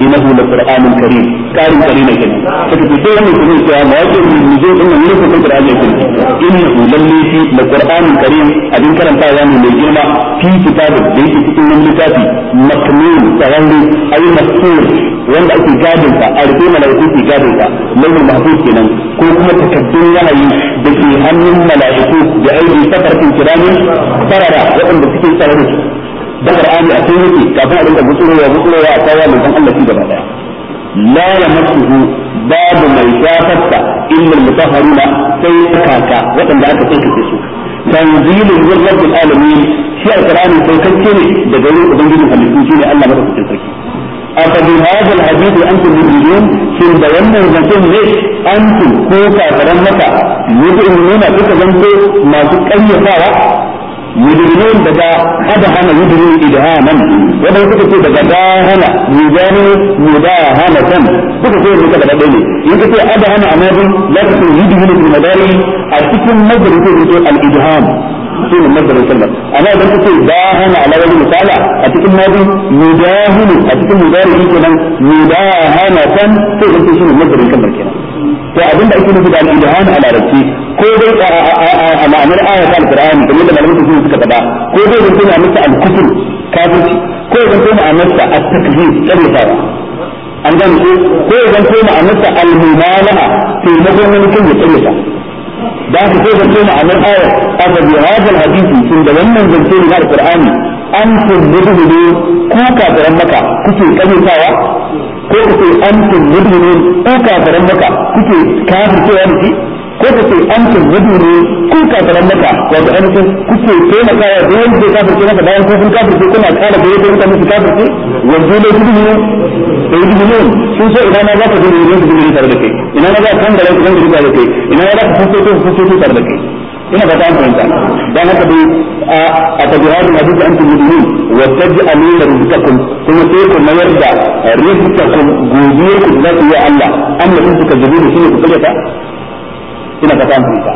إنه لقرآن كريم كان كريم كريم فتبتدي أن يكون القرآن واجب من النزول أنه من يكون القرآن كريم إنه للي في لقرآن كريم أبين كرم تاواني من الجنة في كتاب ليس في المملكاتي مكنون تغني أي مكتور wanda ake gadin ka a rufe mala'iku ke gadin ka lauyin mahfuz kenan ko kuma takaddun yanayi da ke hannun mala'iku da aiki safarkin kiramin sarara waɗanda suke tsaro da Qur'ani a cikin yake kafin a dinga gutsurowa gutsurowa a mai manzon Allah shi gaba daya la yamassuhu babu mai shafarta illa mutahharuna sai kaka waɗanda aka tsarkake su tanzilun min rabbil alamin shi alqur'ani saukacce ne daga wurin ubangijin halittu shine Allah madaukakin sarki أفبي هذا الحديث أنتم مؤمنون ثم بينا زنتم ليش أنتم كوكا فرمتا يؤمنون بك زنتم ما تكأي ساعة mujrimun daga adhana yudri idhanan wanda suka ce daga dahana yudani mudahanatan duka sai duka daga dai ne in kace adhana amabin la ta yudri min madari a cikin madari ko al idham shine madari sallah amma idan kace dahana ala wani misala a cikin madari mudahinu a to abin da ake nufi da al-imtihan a larabci ko dai a ma'anar aya ta al da yadda da malamin tafsir suka faɗa ko dai zan tuna masa al-kufr kafirci ko zan tuna a masa at-taklif tsaretawa an gane ko ko zan tuna a masa al-mumalaha taimakon wani kan ya tsareta da haka ko zan tuna a ma'anar aya a ga bihadal hadisi tun da wannan zan tuna al antum mudhinu ku kafiran maka kuke kamitawa ko ku ce antum mudhinu ku kafiran maka kuke kafircewa da ko ku ce antum mudhinu ku kafiran maka an antum kuke taimakawa da wanda zai kafirce maka bayan ko kun kafirce kuna kana da yadda mutane su kafirce wanda ne mudhinu eh, sai sun so idan na za ka zo ne mudhinu tare da kai ina na za ka kan da kai ina na za ka fito ko fito tare da kai ina ba ta an fahimta dan haka dai a tabihadin hadisi antum mudinin wa taj'aluna rizqakum kuma sai ku mayar da rizqakum gobe ku da ku ya Allah amma kun suka gabe da shi ku kaje ta ina ba ta an fahimta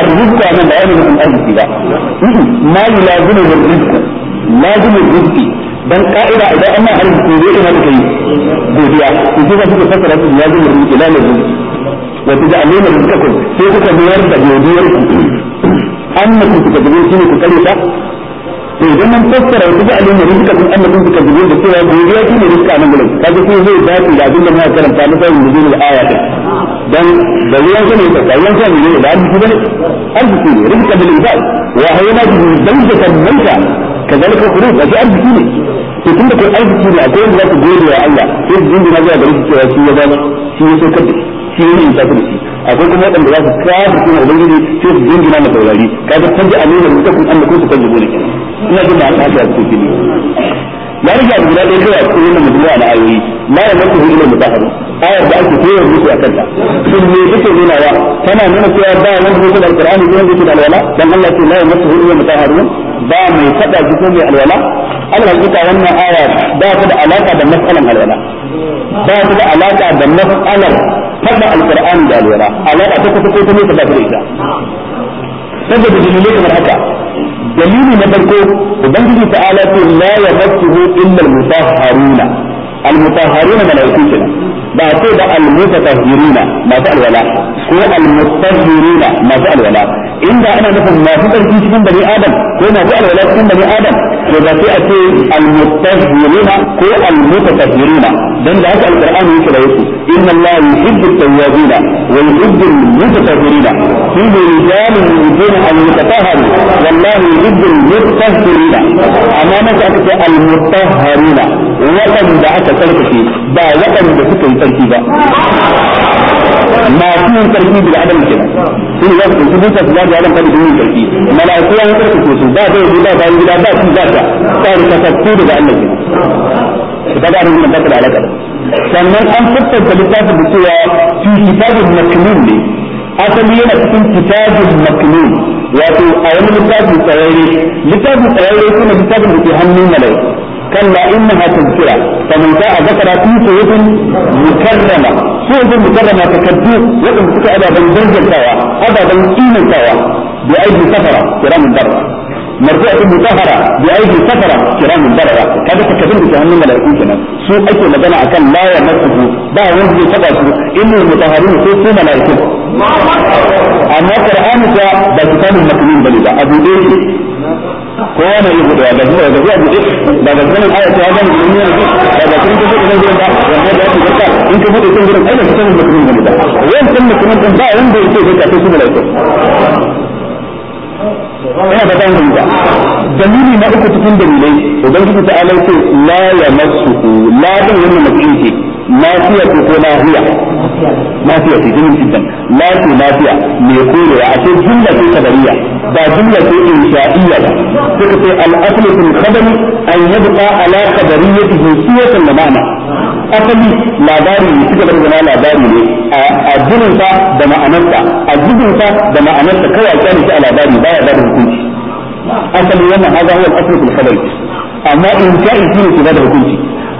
arzuka nan da ainihin arziki ba ma yulazimu rizqu lazimu rizqi dan ka'ida idan ana arziki zai ina da kai godiya ku ji da kuka fassara shi lazimu rizqi la lazimu wa taj'aluna rizqakum sai kuka mayar da godiyar ku annakum tukadzibun shine ku kare ta to idan mun fassara wa taj'aluna rizqakum annakum tukadzibun da cewa godiya shine rizqa nan gurin kaga sai zai dace da abin da muka karanta na sai nuzul al-aya dan da ruwan sama ya tsaya ruwan sama ne da arziki bane arziki ne rizqa bil ibad wa hayyana bi zawjatan maita kazalika khuruf da arziki ne to tunda kai arziki ne akwai wanda za ku gode wa Allah sai jinjina zuwa gare shi cewa shi ya ba shi ya so kadai shi ne da shi akwai kuma waɗanda za su kafa suna ubangiji sai su jingina na canji a nuna mutakun an da su canji ne ina jin da an haka a cikin fili ya rage abu guda ɗaya kawai a cikin wannan mutum na ayoyi ya mutu hudu da mutaharu ayar da ake koyar musu a kanta sun ne nuna wa tana nuna cewa ba wani hudu da alƙur'ani ko wani hudu da alwala dan Allah ce hudu da ba mai faɗa shi ko mai alwala al hakika wannan aya ba ta da alaka da matsalan alwala ba ta da alaka da matsalar fada alqur'ani da alwala alaka ta kusa ko ta ne ta ba ta ita saboda dalilai kamar haka dalili na farko ubangiji ta'ala ce la yamassuhu illa al-mutahharuna al-mutahharuna malaikun kenan ba ce da almutatahhirina masu alwala ko almutahhirina masu alwala inda ana nufin masu tsarki cikin bani adam ko masu alwala cikin bani adam to ba sai a ce almutahhirina ko almutatahhirina dan da haka alqur'ani yake da yake inna allaha yuhibbu at-tawwabina wa yuhibbu al-mutatahhirina fi rijalin yuhibbuna al-mutatahhirin wallahu yuhibbu al-mutatahhirina amma maka aka ce al-mutahhirina waɗanda aka tsarkake ba waɗanda suka yi sarki ba masu yin sarki bil adam kenan sun za su ɗauki duka su zaga adam kada su yin sarki mala'iku an sarkake su ba zai ba bayan gida ba su ba ta tsari ta sarki daga Allah kenan kaga abin nan ba da alaka sannan an fassara littafin da cewa fi kitabun maknun ne asali yana cikin kitabun maknun wato a wani littafin tsararre littafin tsararre kuma littafin da ke hannun mala'iku كلا إنها تذكرة فمن شاء ذكر في صحف مكرمة صحف مكرمة تكذيب وإن سكى أبا بن درجة سوا أبا بن سوا بأيدي سفرة كرام الدرة مرفوعة مطهرة بأيدي سفرة كرام بررة هذا تكذب بجهنم ملائكو كنا سوء أكو مجانا كان لا يمسه با وزي سبسه إنه المطهرون سوء سوء ملائكو أما قرآن سوى بكتاب المكنين بلدا أبو ديري كوانا يقول يا بزمو يا بزمو يا بزمو الآية سواجان بالمية يا بزمو انت بزمو يا بزمو انت بزمو يا بزمو انت بزمو يا بزمو انت بزمو يا بزمو انت بزمو يا بزمو انت بزمو يا بزمو انت ina da zan rinja dalili na uku cikin dalilai ubangiji ta alai ce la yamassuhu la dan wannan mutum ce lafiya ko ko lafiya lafiya ce jinin jiddan lafiya lafiya me kore a ce jumla ce kadariya ba jumla ce insha'iyya ba suka ce al-aslu fil qadari an yadda ala qadariyatihi siyatan da ma'ana asali labari ne suka bar zama labari ne a jininsa da ma'anarsa a jininsa da ma'anarsa kawai a kyale shi a labari ba ya da hukunci asali wannan haza huwa asali fil khabar amma in ka in shi ne ke ba da hukunci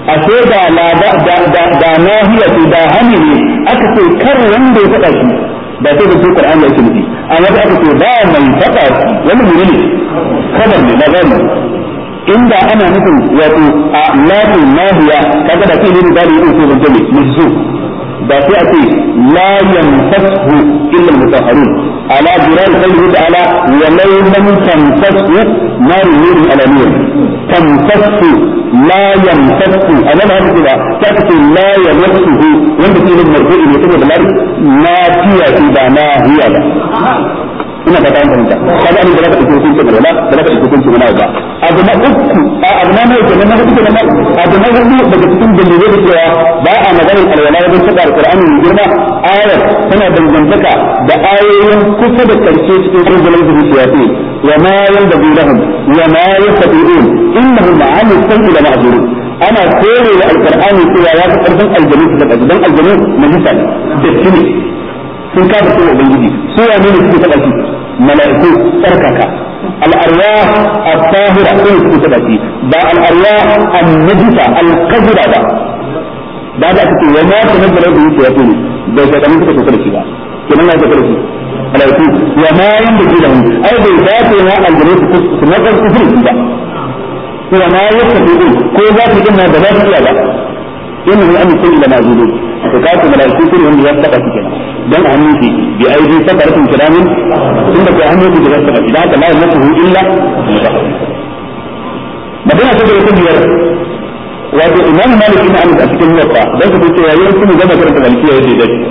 a ce da laba da da nahiya ce da hani ne aka ce kar wanda ya faɗa shi da sai da su Qur'ani yake nufi amma da aka ce ba mai faɗa shi wannan ne ne khabar ne inda ana nufin wato a lafi nahiya kaga da fi'il mudari yake so zance ne mujzu da sai a ce la yanfasu illa mutahharun ala jiran qalbi ta'ala wa law lam tanfasu naru nuru alaniya tanfasu la yanfasu ana ba haka ba ta ce la yanfasu wanda fi'il marfu'i ne saboda lar nafiya ba nahiya ba ina da ta fahimta kaga an da zaka ɗauki hukuncin da wala da zaka ɗauki hukuncin wala ba abu na uku abu na mai kenan na hudu kenan na abu na hudu daga cikin dalilai da cewa ba a maganar alwala wajen saka alqur'ani mai girma ayar tana dangantaka da ayoyin kusa da karshe cikin rinjalar zuciya ce wa ma yanbaghi lahum wa ma yastati'un innahum 'an as-sam'i la ana kore da alkur'ani cewa ya fi karfin aljanu da dan aljanu na misali da shi sun ka da kowa ubangiji su ya nuna suke taɓa shi mala'iku tsarkaka al'arwa a tahira sun suke taɓa shi ba al'arwa a majita al'kazira ba ba da da ake wa ma nan balar da yake ya tuni da ya kanin suka tafi da shi ba kenan na tafi da shi mala'iku wa ma yan da gidan ai bai ta yi na aljanu su su nazar su ba kuma ma yadda ko za su gina da za su iya ba إنه أمس إلى ما زلوك فكاتوا ملايكو كل هم يبتقى تكنا دان أمنتي بأيه سبرة كرام ثم في أمنتي بأيه لا تلاه نفسه إلا مبنى سبرة كبيرة وأن الإمام مالك إن أمس أشكي موقع بس يا يأيه كم جمع كانت تغلقية يجي ذلك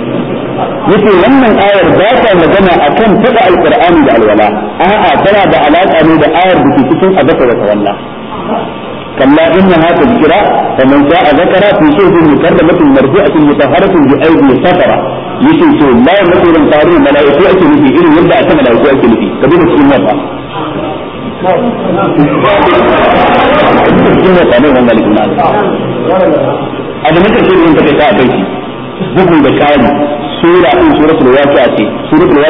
يقول لما آية ذاتا لجمع أكم تقع القرآن دعال أنا آه، آآ آه، تلا دعالات أمي دعال آية بكي تكون أبطل وتولى كلا إنها تذكرة فمن شاء ذكر في شهد مكرمة مرفوعة مطهرة بأيدي سفرة yake so la ya mutu ran tsari malaiku ake nufi irin yadda aka malaiku ake nufi ka bi da cikin yamma cikin yamma ne ran malikun Allah abu nake ce irin take ta akai shi bugu da kari sura din suratul waqi'a ce suratul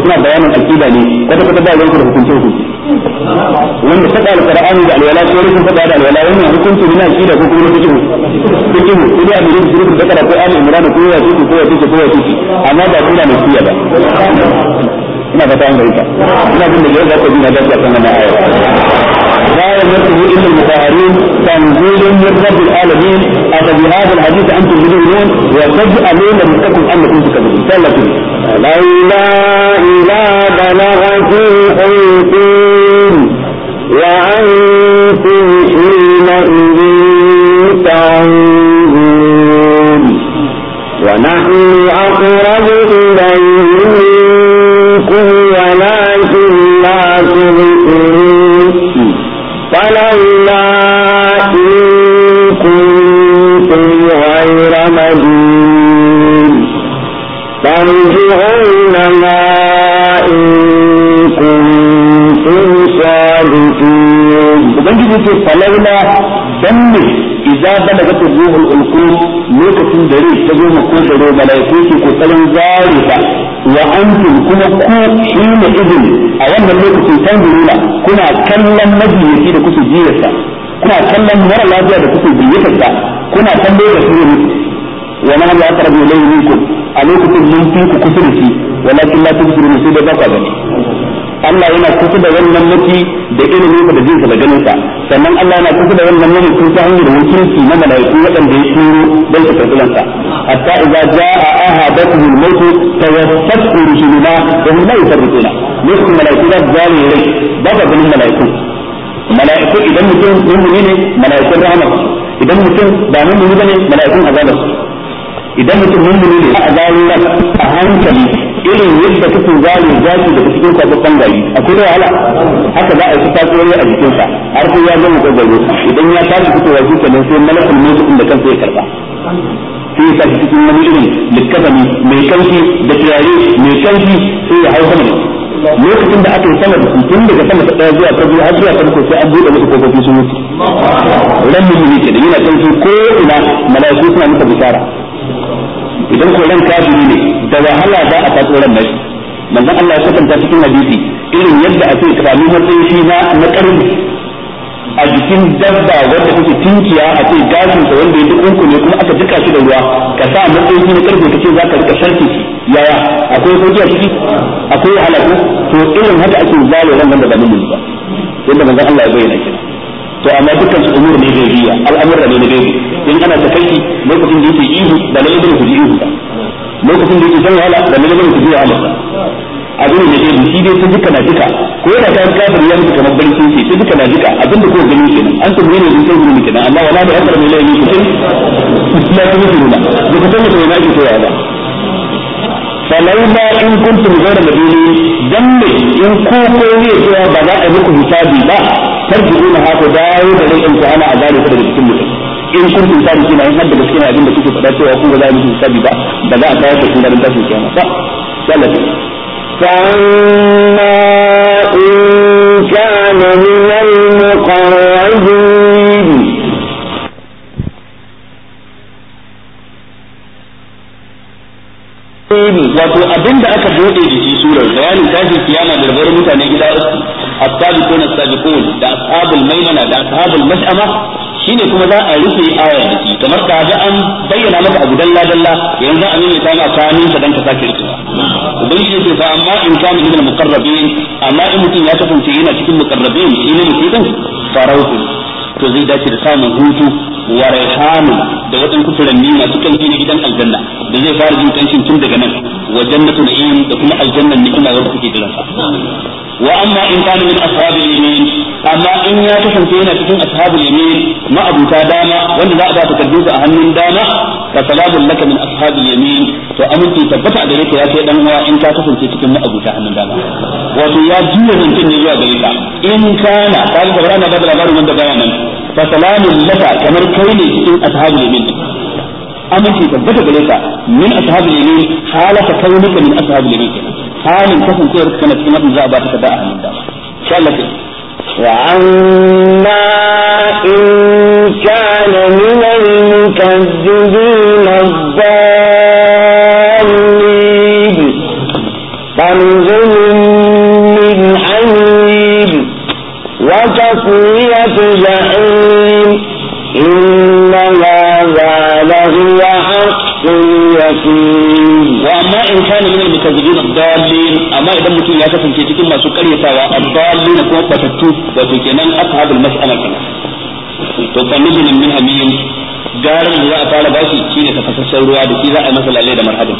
suna bayanin aqida ne kwata kwata ba ruwan da wanda faɗa alqur'ani da alwala ko rufin faɗa da alwala wannan hukunci ne na aqida ko kuma fiqh fiqh ko da mu rubuta rufin bakara ko ali imran ko ya ko ya ko ya amma ba kuma ne kiya ba ina fata an gaita ina bin da yau da kan aya لا يمسه الا المطهرين تنزيل من رب العالمين بهذا الحديث انتم تجنون وتجعلون ان انكم تكذبون ثلاثه لولا اذا بلغت الحوتين وانتم حينئذ تعودون ونحن اقرب اليه فلولا إن كنتم غير مدين ترجعون ما إن كنتم صادقين وبنجد فلولا dan ne idza balagat ruhul ulqum lokacin da rai ta goma ko da rai malaiku ke kokarin zare ta wa antum kuma ku shine idin a wannan lokacin tanzuruna kuna kallon mabiyi da kuke jiyarsa kuna kallon mara lafiya da kuke jiyarsa kuna kallon da kuke wa ma la tarabu ilayhi minkum a lokacin mun fi ku kusurci walakin la tusiru sai da ba ka gani Allah yana kusa da wannan mutu da irin sa da jinsa da ganinsa sannan Allah yana kusa da wannan mutu ta hanyar mutunci na malaiku waɗanda ya shiro don su karɓi lansa hatta idza jaa ahadakum al-maut tawaffatu rusuluna wa hum la yufarriquna mutum malaiku da zalin rai ba ba ganin malaiku malaiku idan mutum mummuni ne malaikun rahama idan mutum ba mummuni bane malaikun azaba idan mutum mummuni ne a a hankali irin yadda kuke zare zaki da cikin kwabban gari akwai wahala haka za a yi tsatsori a jikin sa har sai ya gama gogoro idan ya tashi fitowa shi kenan sai malakul mutum da kansa ya karba sai ya sa cikin wani irin likkafani mai kanki da turare mai kanki sai ya hau sama lokacin da aka yi sama da tun daga sama ta ɗaya zuwa ta biyu har zuwa farko sai an buɗe musu kofofi sun mutu ran mutum ne da yana kanki ko ina mala'iku suna masa bishara idan ko ran kafiri ne da wahala za a faɗo ran nashi manzon Allah ya kwatanta cikin hadisi irin yadda ake sami matsayin shi na na karni a jikin dabba wanda take tinkiya a ce gashin sa wanda ya duk ne kuma aka jika shi da ruwa ka sa matsayin shi na karfe kace za ka rika sharki shi yaya akwai koji a ciki akwai halaku to irin haka ake zalo ran da ba ba yadda manzon Allah ya bayyana kenan to amma dukkan su umur ne gaibiya al'amurra ne da gaibi in ana tafayi lokacin da yake ihu da na ibn kuji ihu ba lokacin da yake san wahala da na ibn kuji wahala ba abin da gaibi shi dai ta duka na duka ko yana ta kafin ya mutu kamar barci ce ta duka na duka abin da ko gani kenan an tambaye ne sun gudu kenan amma wala da akbar ne yayi shi la tusuruna da ka tabbata wani ake koyawa ba falaula in kuntum ghayra madinin dan ne in ko ko ne cewa ba za a yi muku hisabi ba tarji'unaha ku dawo da rai ku ana azali ku daga cikin mutum in kuntum sadiqina in har da gaskiya abin da kuke faɗa cewa ku ba za mu hisabi ba ba za a kawo ku cikin garin tashin kiyama ba sallallahu فأما إن كان من المقربين wato abin da aka dode jiki سورة البيان تاجي كيانا بالبرمت أن يجد السابقون السابقون دا أصحاب الميمنة دا أصحاب المشأمة شين يكون ذا أليس آية كما تاجا أن بينا لك أبو دلا دلا ينزع أمين يتانا أصانين فدن تساكر كما وبيشي في فأما إن كان من المقربين أما إن كان يتكون فيهنا كتن مقربين إن يتكون فاروكم to zai dace da samun hutu wa raihanu da wadan kuturanni masu kanki na gidan aljanna da zai fara jin kanshin tun daga nan wa jannatu na'im da kuma aljannan ni'ima wadda take jiran sa wa amma in kana min ashabil yamin amma in ya kasance yana cikin ashabul yamin ma abuta dama wanda za a ba takardu a hannun dama fa salamun laka min ashabil yamin to aminci tabbata gare ka ya kai dan uwa in ka kasance cikin ma abuta hannun dama wato ya juya zancen ne zuwa gare ka in kana ka ga ba da labarin wanda baya nan fa salamun laka kamar kai ne cikin ashabul yamin aminci tabbata gare ka min ashabul yamin halaka kaunuka min ashabul yamin halin kasancewar kana cikin abin za a ba ta da a إن كان من المكذبين الضالين تسمية زعيم إن هذا لهو حق اليقين وأما إن كان من المكذبين الضالين أما إذا ممكن لا kasance cikin masu karyatawa الضالين kuma batattu wato kenan ashabul mas'ala kana to fa nuzulun min hamim garin da za a fara bashi ne tafasassan ruwa da shi za a masa lalle da marhabin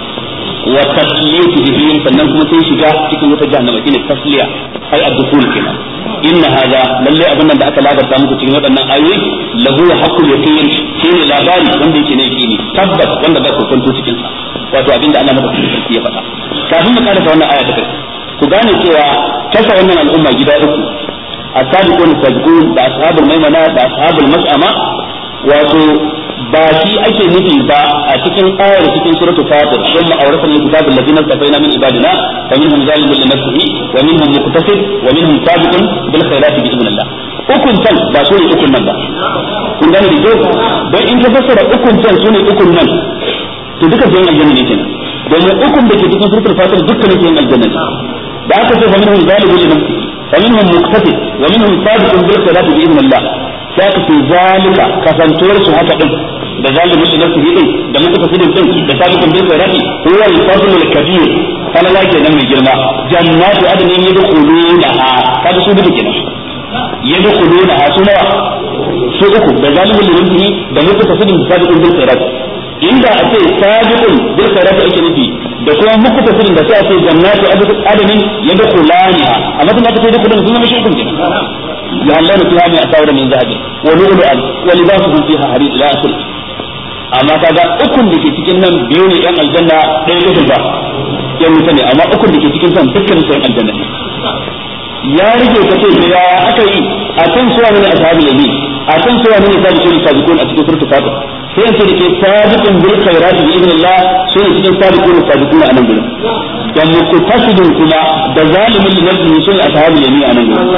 wa tasliyatu bihim sannan kuma sai shiga cikin wata jahannama shine tasliya ai ad-dukhul kenan na hada lalle abin nan da aka labarta muku cikin waɗannan ayoyi lahu haqqul yaqin shine labari wanda yake ne yaqini tabbas wanda ba ku kwanto cikin sa wato abin da Allah madaukakin sarki ya faɗa kafin mu karanta wannan aya ta kai ku gane cewa kasa wannan al'umma gida uku as-sabiqun as-sabiqun da ashabul maimana da ashabul mas'ama wato ba shi ake nufi ba a cikin ayar cikin suratul fatir thumma awrasna al-kitaba ladina istafayna min ibadina fa minhum zalimun li nafsihi wa minhum muqtasid wa minhum sabiqun bil khairati bi ibnillah ukun tan ba su ne ukun nan ba kun gane da dai don in ka fassara ukun tan su ne ukun nan to duka su yin aljanna ne kenan domin ukun da ke cikin suratul fatir duka ne yin aljanna ne da aka ce fa minhum zalimun li nafsihi wa minhum muqtasid wa minhum sabiqun bil khairati bi ibnillah za ka ce zalika kasantuwar su haka din da musu na nasu din da muka tafi din din da sabiqun bil ko huwa al-fadlul kabir falala kenan mai girma jannatu adnin ha kada su duka kenan ha su nawa su uku da zalimin da da muka tafi din da kan bil khairati inda a ce sabiqun bil khairat ake nufi da kuma muku tafsirin da sai a ce jannatu adamin yanda kulaniha amma kuma ta ce da kudin sun zama shirkun ya Allah ne fiha mai asawara min zahabi wa al wa libasuhum fiha harir la akhir amma kaga ukun dake cikin nan biyu ne yan aljanna dai ne ba yan mutane amma ukun dake cikin nan dukkan su yan aljanna ya rike ka ce ya aka yi a kan suwa ne ashabi ne a kan suwa ne sabiqun sabiqun a cikin suratul fatir sai an ce da ke sabiqun bil khairati bi idnillah sai ne cikin sabiqun sabiqun a nan gurin dan mutafasidun kuma da zalimin lillahi sun ashabi yabi a nan gurin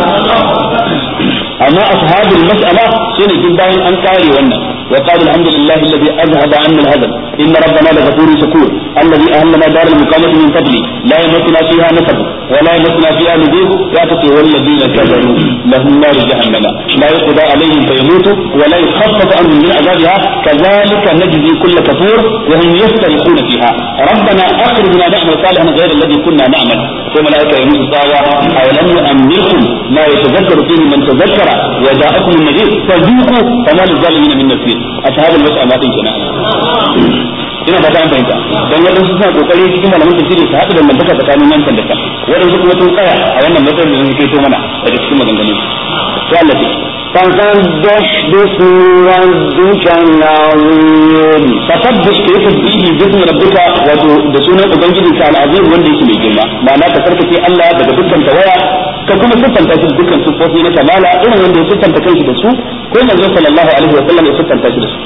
amma ashabul mas'ala shine duk bayan an kare wannan وقال الحمد لله الذي اذهب عنا الهدم ان ربنا لغفور شكور الذي اهلنا دار المقامه من فضله لا يمسنا فيها نسب ولا يمسنا فيها نذيب يعتقد الذين كفروا لهم نار جهنم لا يقضى عليهم فيموتوا ولا يخفف عنهم من عذابها كذلك نجزي كل كفور وهم يسترقون فيها ربنا اخرجنا نعمل صالحا غير الذي كنا نعمل ثم لا يموت صاوى اولم يؤمنكم ما يتذكر فيه من تذكر وجاءكم النذير فذوقوا فما للظالمين من نصير ashabul mas'ama din kenan ina ba ta an fahimta don su suna kokari cikin malaman tafsiri su haɗu da mantaka tsakanin yankan da kan su kuma sun tsaya a wannan matsayin da sun kai to mana daga cikin maganganun sai Allah ce فسبح باسم ربك العظيم فسبح كيف تسبح باسم ربك wato da sunan ubangiji ta al'azim wanda yake mai girma ma'ana ka sarkace Allah daga dukkan tawaya ka kuma siffanta shi dukkan sufofi na kamala irin wanda ya siffanta kanshi da su ko manzo sallallahu alaihi wa sallam ya siffanta shi da su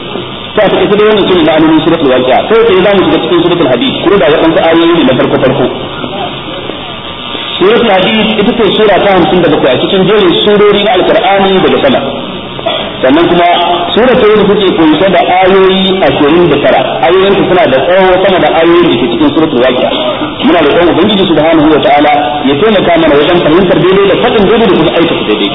sai ta kace da wannan sunan ma'anonin suratul waqi'a sai ta zamu shiga cikin suratul hadid ko da wadansu ayoyi ne na farko farko suratul hadid ita ce sura ta 57 a cikin jerin surori na alqur'ani daga sama sannan kuma sura ta yadda kuke kunshe da ayoyi a ashirin da tara ayoyin su suna da tsawo sama da ayoyin da ke cikin suratul waqi'a muna da tsawo ubangiji subhanahu wa ta'ala ya taimaka mana wajen fahimtar daidai da fadin daidai da kuma aikata daidai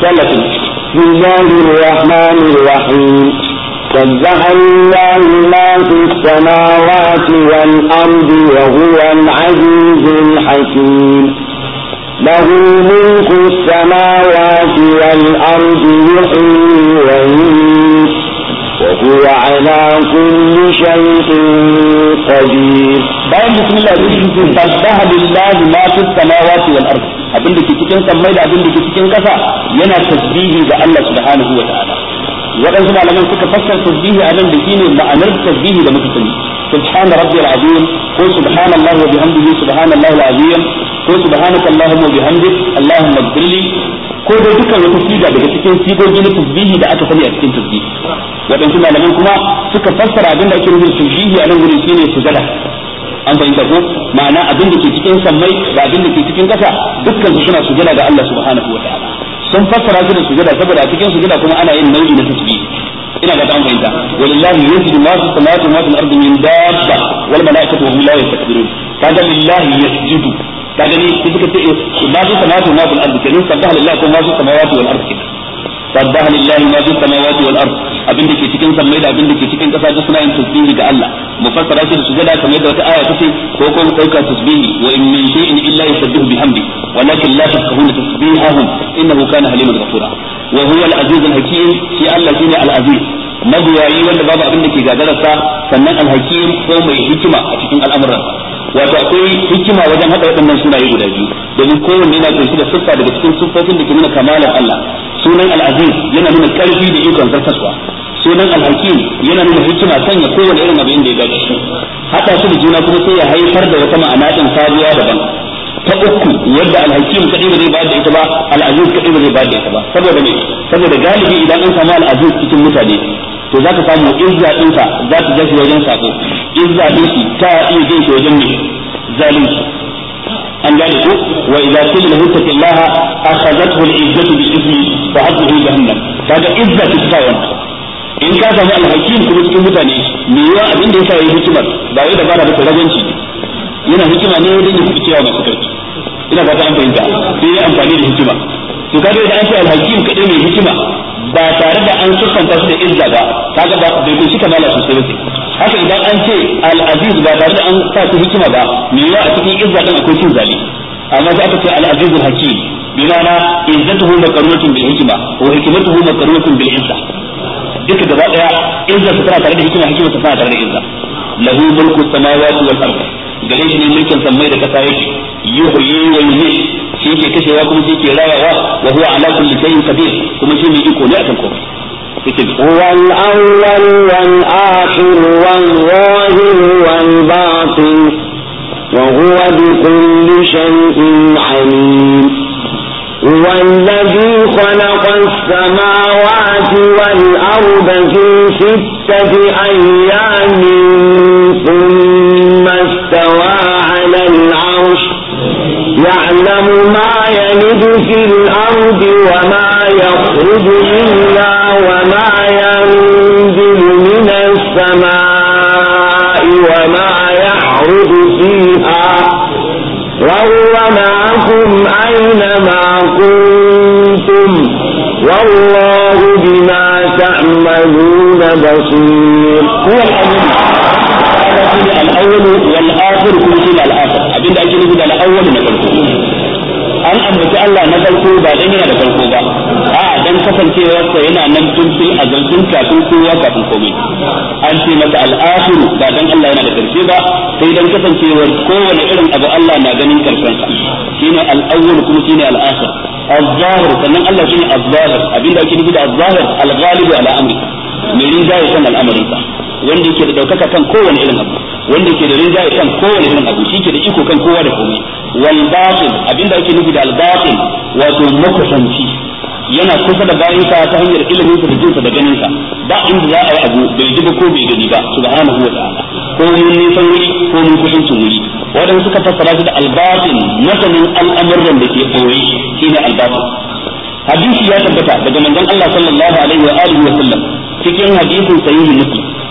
sallallahu alaihi wa sallam سبح الله ما في السماوات والأرض وهو العزيز الحكيم له ملك السماوات والأرض يحيي ويميت وهو على كل شيء قدير bayan bismillah da shi ce sabbaha lillahi ma fi samawati wal ard abin da ke cikin sammai da abin da ke cikin kasa yana tasbihi ga Allah subhanahu wa ta'ala waɗansu malaman suka fassara tasbihi a nan da shine ma'anar tasbihi da muka sani subhana rabbiyal azim ko subhanallahi wa bihamdihi subhanallahi al azim ko subhanaka allahumma bihamdik allahumma ighfirli ko dai dukkan wata siga daga cikin sigogi na tasbihi da aka sani a cikin tasbihi wadansu malaman kuma suka fassara abin da ake nufin tasbihi a nan gurin shine sujada an fahimta ko ma'ana abin da ke cikin sammai da abin da ke cikin kasa dukkan su suna sujada ga Allah subhanahu wataala sun fassara su da sujada saboda a cikin sujada kuma ana yin nau'i na tasbihi ina ga dan fahimta walillahi yusjudu ma fi samawati wa ma fil ardi min dabba wal malaikatu wa hum la yastakbirun kaga lillahi yasjudu ka gani su suka ce ma su samawati ma fil ardi kenan sabbaha lillahi ko ma su samawati wal ardi kenan sabbaha lillahi ma fil samawati wal ardi abin da ke cikin sammai da abin da ke cikin kasa duk suna yin tasbihi ga Allah mu fassara shi da sujada kamar yadda wata aya tace ko ko mu dauka tasbihi wa in min shay'in illa yusabbihu bihamdi walakin la tafqahuna tasbihahum innahu kana haliman ghafura wa huwa al-aziz al-hakim shi Allah shine al-aziz mabuyayi wanda babu abin da ke gagararsa sannan alhakim ko mai hikima a cikin al'amuran. wato akwai hikima wajen haɗa waɗannan sunaye guda biyu domin kowanne yana kunshi da siffa daga cikin siffofin da ke nuna kamalar Allah sunan al yana nuna karfi da ikon zartaswa sunan alhakim yana nuna hikima sanya kowanne irin abin da ya dace hada su da juna kuma sai ya haifar da wata ma'ana din sabuwa daban ta uku yadda alhakim kadai ba zai bayar da ita ba al'aziz kadai ba zai bayar da ita ba saboda ne saboda galibi idan an samu al'aziz cikin mutane to za ka samu izza dinka za ta jashi wajen sako izza dinki ta iya jin shi wajen ne zalunci an gane ko wa idza qila lahu taqillaha akhadathu al'izzatu izzatu bi ismi wa hadhihi jahannam kaga izza ta tsaya in ka samu alhakim kuma cikin mutane me yawa abin da yasa yayi hikimar ba wai da ba da raganci yana hikima ne wajen yin kuɓi cewa masu karfi ina ba ta an fahimta sai yi amfani da hikima to ka idan an ce alhakim kadai mai hikima ba tare da an siffanta su da izza ba kaga ba bai kunshi mala sosai ba haka idan an ce al-aziz ba tare da an sa su hikima ba me yawa a cikin izza din akwai cin zali amma sai aka ce al-aziz al-hakim bimana izzatuhu makarunatun bil hikma wa hikmatuhu makarunatun bil izza duka gaba daya izza tana tare da hikima hikima tana tare da izza lahu mulku samawati wal ardh gare shi ne mulkin sammai da kasa yake yuhuyi wa yuhi shi ke kashewa kuma shi ke rayawa wa huwa ala kulli shay'in qadir kuma shi ne iko ne akan komai wal الأول والآخر والظاهر والباطن وهو بكل شيء عليم هو الذي خلق السماوات والأرض في ستة أيام ثم يعلم ما يلد في الأرض وما يخرج إلا وما ينزل من السماء وما يعرض فيها وهو معكم أينما كنتم والله بما تعملون بصير هو الأول والآخر كل شيء الآخر abinda ake nufi da al na farko an ambaci Allah na farko ba dan yana da farko ba a dan kasancewarsa yana nan tun fil azal tun kafin kowa kafin komai an ce masa al ba dan Allah yana da karshe ba sai dan kasancewar kowane irin abu Allah na ganin karshen sa shine al kuma shine al-akhir الظاهر sannan Allah shine abin da ake nufi da الظاهر al-ghalibu ala amri mai rinjaye kan al'amarin sa wanda yake da daukaka kan kowane irin abu wanda ke da rinjaye kan kowane irin abu shi ke da iko kan kowa da komai wal batil abinda ake nufi da al batil wato makusanci yana kusa da bayan sa ta hanyar ilimin sa da jin sa da ganin sa ba inda za a yi abu bai ji ba ko bai gani ba subhanahu wa ta'ala ko mun nisan wuri ko mun kusancin wuri wadanda suka fassara shi da al batil masanin al'amuran da ke shi shine al batil hadisi ya tabbata daga manzon Allah sallallahu alaihi wa alihi wa sallam cikin hadisin sahihi muslim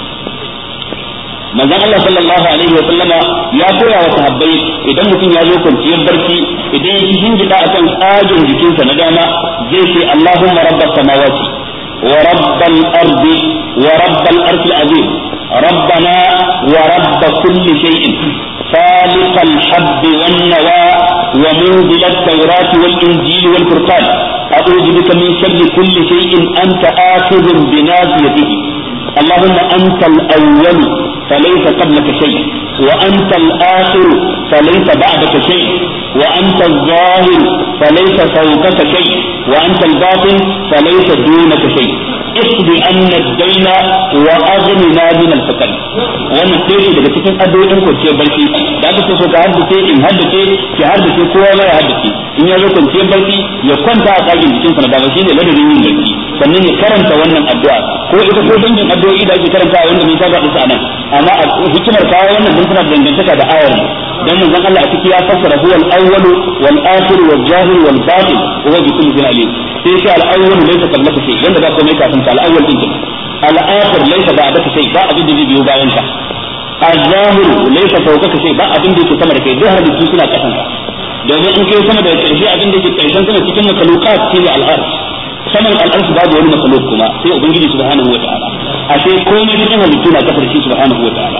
manzon Allah sallallahu alaihi wa sallama ya koya wa sahabbai idan mutum ya zo kwanciyar barci idan ya jingida akan tsagin jikinsa na dama zai ce Allahumma rabbas samawati wa rabbal ardi wa rabbal arshil azim ربنا ورب كل شيء خالق الحب والنوى ومنزل التوراة والإنجيل والفرقان أعوذ بك من شر كل شيء أنت آخذ بناصيته اللهم أنت الأول فليس قبلك شيء وأنت الآخر فليس بعدك شيء وأنت الظاهر فليس فوقك شيء وأنت الباطن فليس دونك شيء is bi anna daina wa aghnina min al faqr wannan sai daga cikin addu'o'in kwanciyar barci da aka so ka haddace in haddace ki haddace kowa ma ya haddace in ya zo kwanciyar barci ya kwanta a tsakin jikin sa na dama shine ladabin yin barci sannan ya karanta wannan addu'a ko ita ko dangin addu'o'i da ake karanta wanda mun saba da nan amma hikimar kawo wannan mun suna dangantaka da ayar don manzon Allah a ciki ya fassara huwal awwalu wal akhir wal zahir wal batin wa bi kulli shay'in alim sai shi al'awwal laysa qablaka shay yanda ba komai kafin ka al'awwal din kin al'akhir laysa ba'daka shay ba abin da zai biyo bayan ka al-zahir laysa fawqaka shay ba abin da yake sama da kai zahar da suna kasan ka domin in kai sama da karshe abin da yake karshen sama cikin makhluqat shi ne al-arsh saman al-arsh babu wani makhluq kuma sai ubangiji subhanahu wa wata'ala ashe komai cikin halittu na kafar shi subhanahu wa wata'ala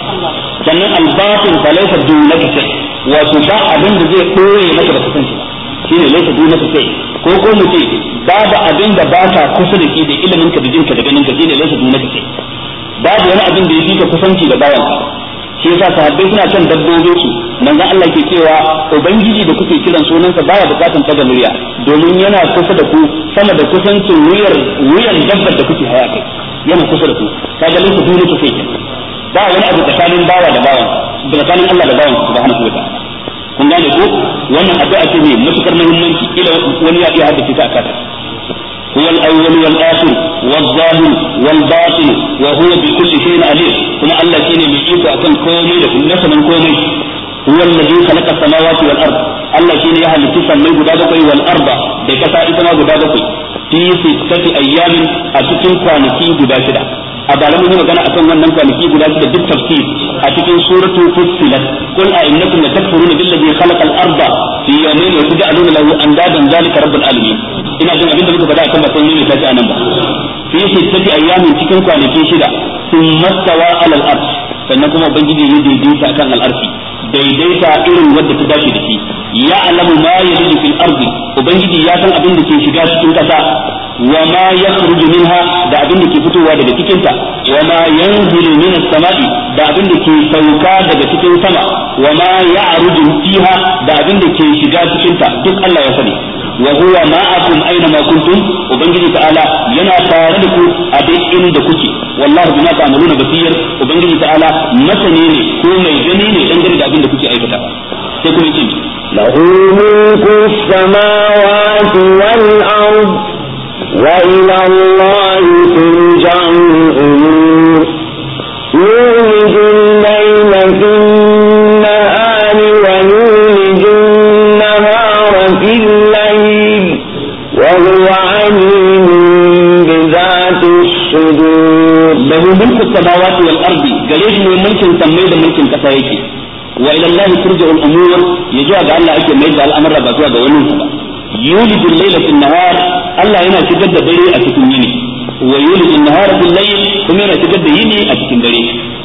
sannan al-batin fa laysa dunaka shay wato ba abin da zai koye maka da kasance ba shine laysa duna sai ko ko mu ce babu abin da ba ta kusa da shi da ilimin ka da jinka da ganin ka shine duna sai babu wani abin da yake ka kusanci da bayan ka shi yasa sahabbai suna kan dabbobin su manzon Allah ke cewa ubangiji da kuke kiran sunansa baya bukatan taga murya domin yana kusa da ku sama da kusancin wuyar wuyan dabbar da kuke haya kai yana kusa da ku kaga laysa duna sai ba wani abu tsakanin bawa da bawan tsakanin Allah da bawan subhanahu wa ta'ala kunda ne ku wannan ake a tage matukar na kuma ki kila wani wani ya haddaki ka a kata wal awi wani wal ati wal zahim wal bashim wal hulɛ bi kulli fiye na kuma allah ake mai ne mu ci a kan ko da ku mi na ko nan ko me wal nabi allah ake ya kalli kifan me guda dafai wal arba de kafa guda dafai. في ستة أيام أتكن كوانكي بباشرة أبالم هنا جانا أكون من نمك أنكي بباشرة بالتفكير أتكن سورة فصلة قل أئنكم تكفرون بالذي خلق الأرض في يومين وتجعلون له أندادا ذلك رب العالمين إن أجل أبين دمك بدأ كما تنين في ستة أيام تكن كوانكي شدة ثم استوى على الأرض sannan kuma ubangiji ya daidaita akan al'arfi daidaita irin wadda ta dace da shi ya alamu ma yalidu fil ardi ubangiji ya san abin da ke shiga cikin kasa wa ma yakhruju minha da abin da ke fitowa daga cikin ta wa ma yanzilu min as-sama'i da abin da ke sauka daga cikin sama wa ma ya'ruju fiha da abin da ke shiga cikin ta duk Allah ya sani wa huwa ma'akum aina ma kuntum ubangiji ta'ala yana tare da ku a duk inda kuke wallahu bima ta'maluna basir ubangiji ta'ala masani ne ko mai gani ne dan dangane da abin da kuke aikata sai kuma yake lahu له samawati wal ard wa ila allahi turja'u zuwa ga Allah ake mai da al'amura ba zuwa ga wani ba yulijul layla fil nahar Allah yana shigar da dare a cikin yini wa yulijul nahara fil layl kuma yana shigar da yini a cikin dare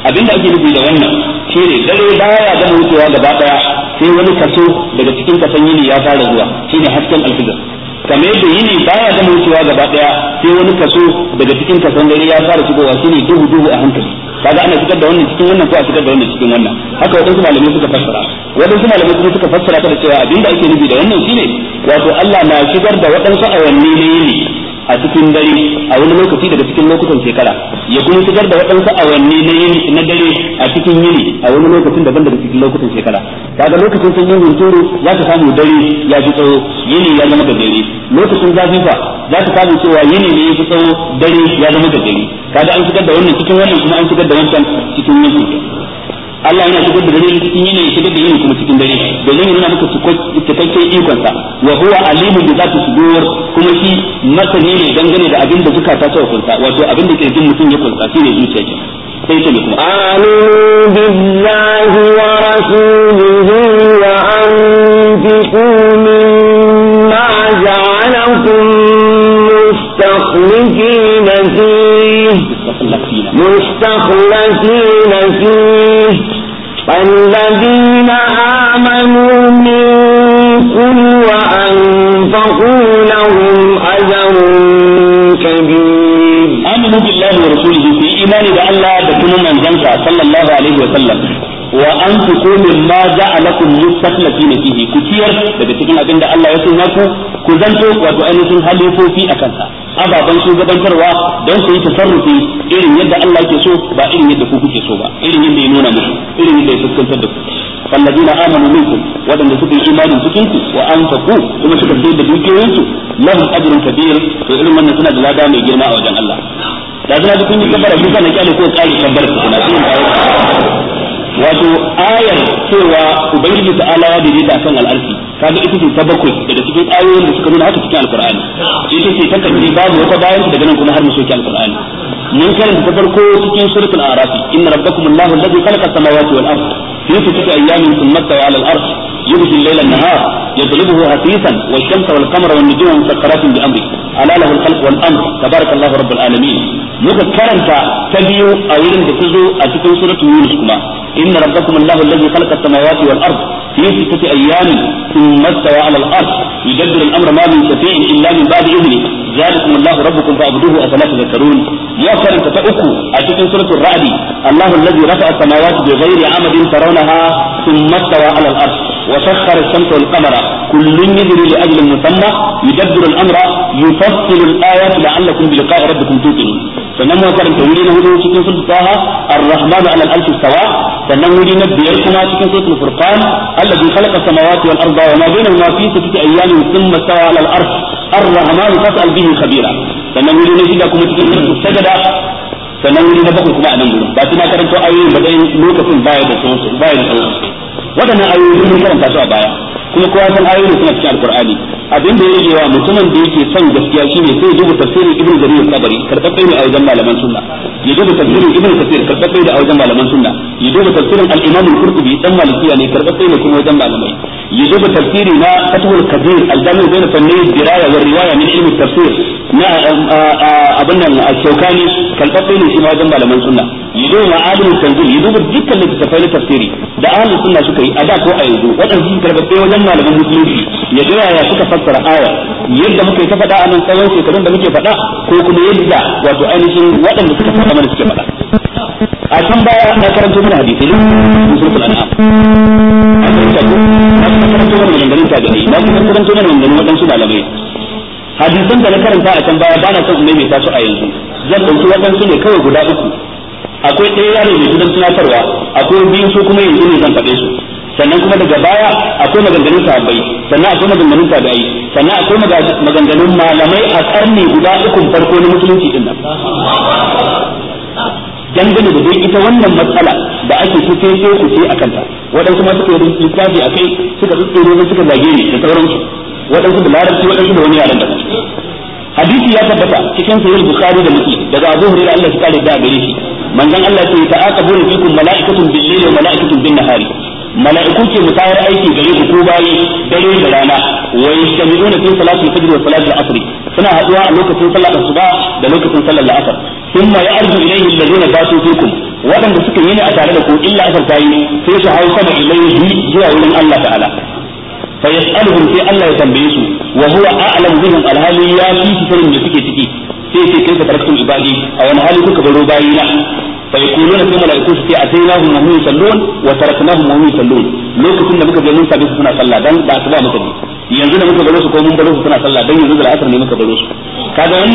abinda ake nufi da wannan shine dare baya da wucewa gaba daya sai wani kaso daga cikin kasan yini ya fara zuwa shine hasken alfijir kamar yadda yini baya da wucewa gaba daya sai wani kaso daga cikin kasan dare ya fara shigowa shine duhu duhu a hankali kaga ana shigar da wannan cikin wannan ko a shigar da wannan cikin wannan haka wadansu malamai suka fassara wadansu malamai mutum suka fassara ta da cewa abin da ake nufi da wannan shine wato Allah na shigar da waɗansu awanni ne ne a cikin dare a wani lokaci daga cikin lokutan shekara ya kuma shigar da waɗansu awanni na yini na dare a cikin yini a wani lokacin daban daga cikin lokutan shekara kaga lokacin sun yi hunturu za ka samu dare ya fi tsawo yini ya zama gajere lokacin zafi fa za ka samu cewa yini ne ya fi tsawo dare ya zama gajere kaga an shigar da wannan cikin wannan kuma an shigar da wancan cikin yini Allah yana shigar da dare cikin ne shigar da yanayin kuma cikin dare domin yana maka cikakken ikon sa wa huwa alimun bi zati sudur kuma shi masani ne dangane da abin da suka ta kunsa wato abin da ke jin mutum ya kunsa shine zuciya ke sai ce kuma billahi wa wa مستخلفين والذين آمنوا منكم وأنفقوا لهم أجر كبير آمنوا بالله ورسوله في إيمان لا تكونوا من صلى الله عليه وسلم wa anfiqu mimma ja'alakum mustaklifina fihi ku ciyar daga cikin abin da Allah ya sanya ku ku zanto wato ainihin halifofi a kansa ababen shugabantarwa don su yi tasarrufi irin yadda Allah yake so ba irin yadda ku kuke so ba irin yadda ya nuna musu irin yadda ya fuskantar da ku والذين امنوا منكم ودن سكن ايمان سكن وانفقوا كما سكن da dukiyoyinsu lahum ajrun kabir to irin wannan suna da lada mai girma a wajen Allah da zan ji kun yi kana kyale ko kare kabbar ku na sun wato ayar cewa ubangiji ta'ala ya daidaita kan al'arfi kaga ita ce ta bakwai daga cikin ayoyin da suka nuna haka cikin alkur'ani ita ce ta karshe babu wata bayan daga nan kuma har mu soki alqur'ani mun karanta ta farko cikin suratul a'raf inna rabbakum allahu alladhi khalaqa as-samawati wal ardh fi sittati ayyamin thumma istawa al-'arsh يغشي الليل النهار يطلبه حثيثا والشمس والقمر والنجوم مسخرات بأمره ألا له الخلق والأمر تبارك الله رب العالمين muka karanta ta biyu a wurin da ta zo a cikin suratul yunus kuma inna rabbakum allahu alladhi khalaqa as-samawati wal ard fi sittati ayyamin thumma istawa 'ala al-arsh yudabbiru al-amra ma min shafee'in illa min ba'di idhni zalikum allahu rabbukum fa'buduhu afala tadhakkarun ya karanta ta uku a cikin suratul ra'd allahu alladhi rafa'a as-samawati bighayri 'amadin tarawnaha thumma istawa 'ala al-arsh وسخر الشمس والقمر كل يجري لأجل مسمى يدبر الأمر يفصل الآيات لعلكم بلقاء ربكم توقنون sannan mu karanta wuri na hudu cikin sulhu taha ar-rahmanu ala al-alfi sawa sannan wuri na biyar kuma cikin sulhu furqan alladhi khalaqa samawati wal arda wa ma bainahuma fi sittati ayyamin thumma stawa ala al-arsh ar-rahmanu fas'al bihi khabira sannan wuri na shida kuma cikin sulhu sajada sannan wuri na bakwai kuma a nan gurin ba su na karanto ayoyin ba dai lokacin baya da sauransu baya da sauransu waɗannan ayoyi mun karanta su a baya kuma kowa san ayoyin suna cikin alkur'ani abin da yake wa mutumin da yake son gaskiya shine sai duba tafsirin ibnu jarir al-qabri kartabbe ne a wajen malaman sunna ya duba tafsirin ibnu kathir kartabbe da a wajen malaman sunna ya duba tafsirin al-imam al-qurtubi dan malikiya ne kartabbe ne kuma wajen malamai ya duba tafsiri na fathul kabir al-jami' bayna fanni diraya wa riwaya min ilmi tafsir na abin nan al-shawkani kartabbe ne shi ma wajen malaman sunna ya duba ma'alim tanzil ya duba dukkan littattafai na tafsiri da ahlus sunna suka yi a da ko a yanzu wadansu kartabbe wajen malamin musulunci ya ga yaya suka fassara aya yadda muke ta faɗa a nan tsawon shekarun da muke faɗa ko kuma yadda wato ainihin waɗanda suka faɗa mana suke faɗa a can baya na karanto mana hadisi ne musulun al'am a kan kago na kuma karanto mana ta tagari na kuma karanto mana dangane waɗansu malamai hadisan da na karanta a can baya ba na son mai ta su a yanzu zan ɗauki waɗansu ne kawai guda uku akwai ɗaya yaro mai gidan tunatarwa akwai biyu su kuma yanzu ne zan faɗe su sannan kuma daga baya akwai maganganun sahabbai sannan akwai maganganun tabi'ai sannan akwai maganganun malamai a karni guda uku farko na musulunci din nan dangane da dai ita wannan matsala da ake kuce ce ku ce akan ta waɗansu ma suka yi littafi a kai suka tsitsire ne suka zage ne da sauransu waɗansu da larabci waɗansu da wani yaran da hadisi ya tabbata cikin sahih bukhari da muslim daga abu hurairah Allah ya kare da gare shi manzon Allah ya ce ta'aqabuna fikum mala'ikatun bil-layli wa mala'ikatun bin-nahari mala'iku ke musayar aiki gare ku ko bayi dare da rana wa yastami'una fi salatil fajr wa salatil asr suna haduwa a lokacin sallar asuba da lokacin sallar la'asar thumma ya'rudu ilayhi alladhina basu fikum waɗanda suka yi ne a tare da ku illa asar tayi sai su hau sama ilayhi zuwa wurin Allah ta'ala fa yas'aluhum sai Allah ya tambaye su wa huwa a'lamu bihim alhali ya fi su sanin da suke ciki sai sai kai ka ibadi a wani hali kuka baro bayina فيقولون لا ملائكوش في أتيناهم وهم يصلون وتركناهم وهم يصلون لوك كنا مكة جنون سابس سنة صلى دان دا سبا مكة دي ينزل مكة بلوس وقوم بلوس سنة صلى دان ينزل العصر من مكة بلوس كذا أن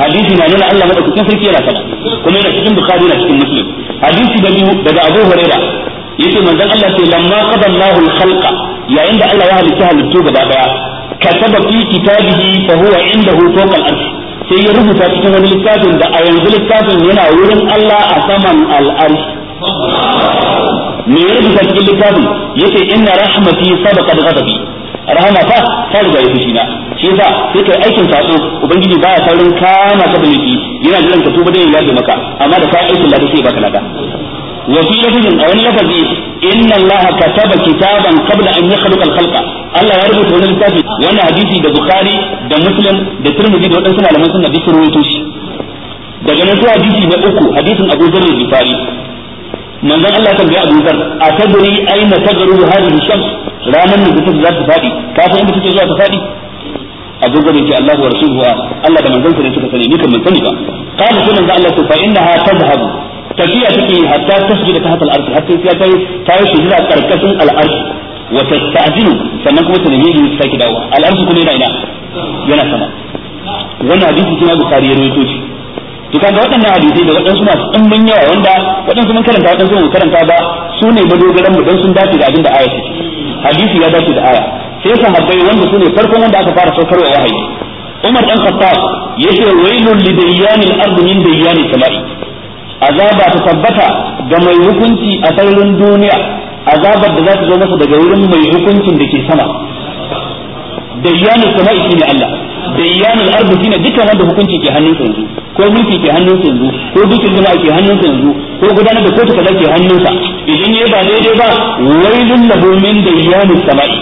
حديث ما يعني نلا الله مكة كفر كيرا صلى كما نشكين بخاري نشكين مسلم حديث بني بدا أبو هريرة يتو من ذلك الله لما قضى الله الخلق يا عند الله وهل كهل التوبة بابا كتب في كتابه فهو عنده فوق الأرض sai ya rubuta cikin wani littafin da a yanzu littafin yana wurin Allah a saman al'arsh me ya rubuta cikin littafin yace inna rahmati sabaqat ghadabi rahama ta ta riga ya fushi na shi yasa sai kai aikin sako ubangiji baya saurin kama ka da yana jiran ka tuba da ya maka amma da ka aikin da kake baka lada wa fi lafazin a wani lafazi inna Allah kataba kitaban kabla an ya al-khalqa Allah ya rubuta wani littafi wannan hadisi da Bukhari da Muslim da Tirmidhi da wadansu malaman sunna duk rawaito shi daga nan sai hadisi na uku hadisin Abu Dharr al-Ghifari manzon Allah ta ga Abu Dharr atadri aina tagru hadhihi shams ranan da take za ta fadi ka san inda take zuwa ta fadi Abu Dharr ce Allah wa rasuluhu Allah da manzon sa suka sani ni sunan Allah tafiya take yi hatta tasjuda ta hatal arshi hatta sai ta yi ta yi sujud a karkashin al'arshi wa tasta'dinu sannan kuma ta nemi ta sake dawo al'arshi kuma yana ina yana sama wannan hadisi kuma bukhari ya rawaito shi to kaga waɗannan hadisai da waɗansu masu ɗimbin yawa wanda waɗansu mun karanta waɗansu mun karanta ba su ne madogaran mu dan sun dace da abin da aya ce hadisi ya dace da aya sai sahabbai wanda su ne farkon wanda aka fara saukarwa wahayi Umar dan Khattab yace wailul lidayyanil ardi min dayyani sama'i azaba ta tabbata ga mai hukunci a sararin duniya azabar da za ta zo masa daga wurin mai hukuncin da ke sama Da sama sama'i ne Allah Da dayyanul ardi na dukkan wanda hukunci ke hannun sa yanzu ko mulki ke hannun sa yanzu ko dukkan jama'a ke hannun sa yanzu ko gudanar da kotu kaza ke hannun sa idan ya ba daidai ba wailul lahu min da sama'i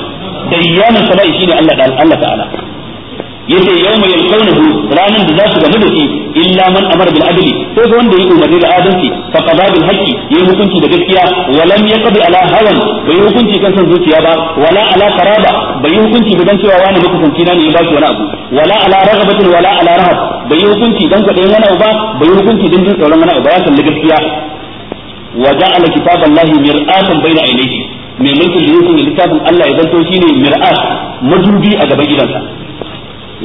sama sama'i ne Allah da Allah ta'ala yace yawma yalqawnahu ranan da za su gamu da shi illa man amara bil adli sai ga wanda ya umarni da adalci fa qada bil haqqi yayi hukunci da gaskiya wa lam yaqdi ala hawan bai hukunci kan san zuciya ba wala ala qaraba bai hukunci da dan cewa wani makusanci na ne ya baki wani abu wala ala raghabatin wala ala rahab bai hukunci dan kwaɗayin wani ba bai hukunci dan jin tsoron wani abu ba ya kalli gaskiya wa ja'ala kitaballahi mir'atan bayna aynayhi mai mulkin da yake littafin Allah ya zanto shine mir'at madubi a gaban gidansa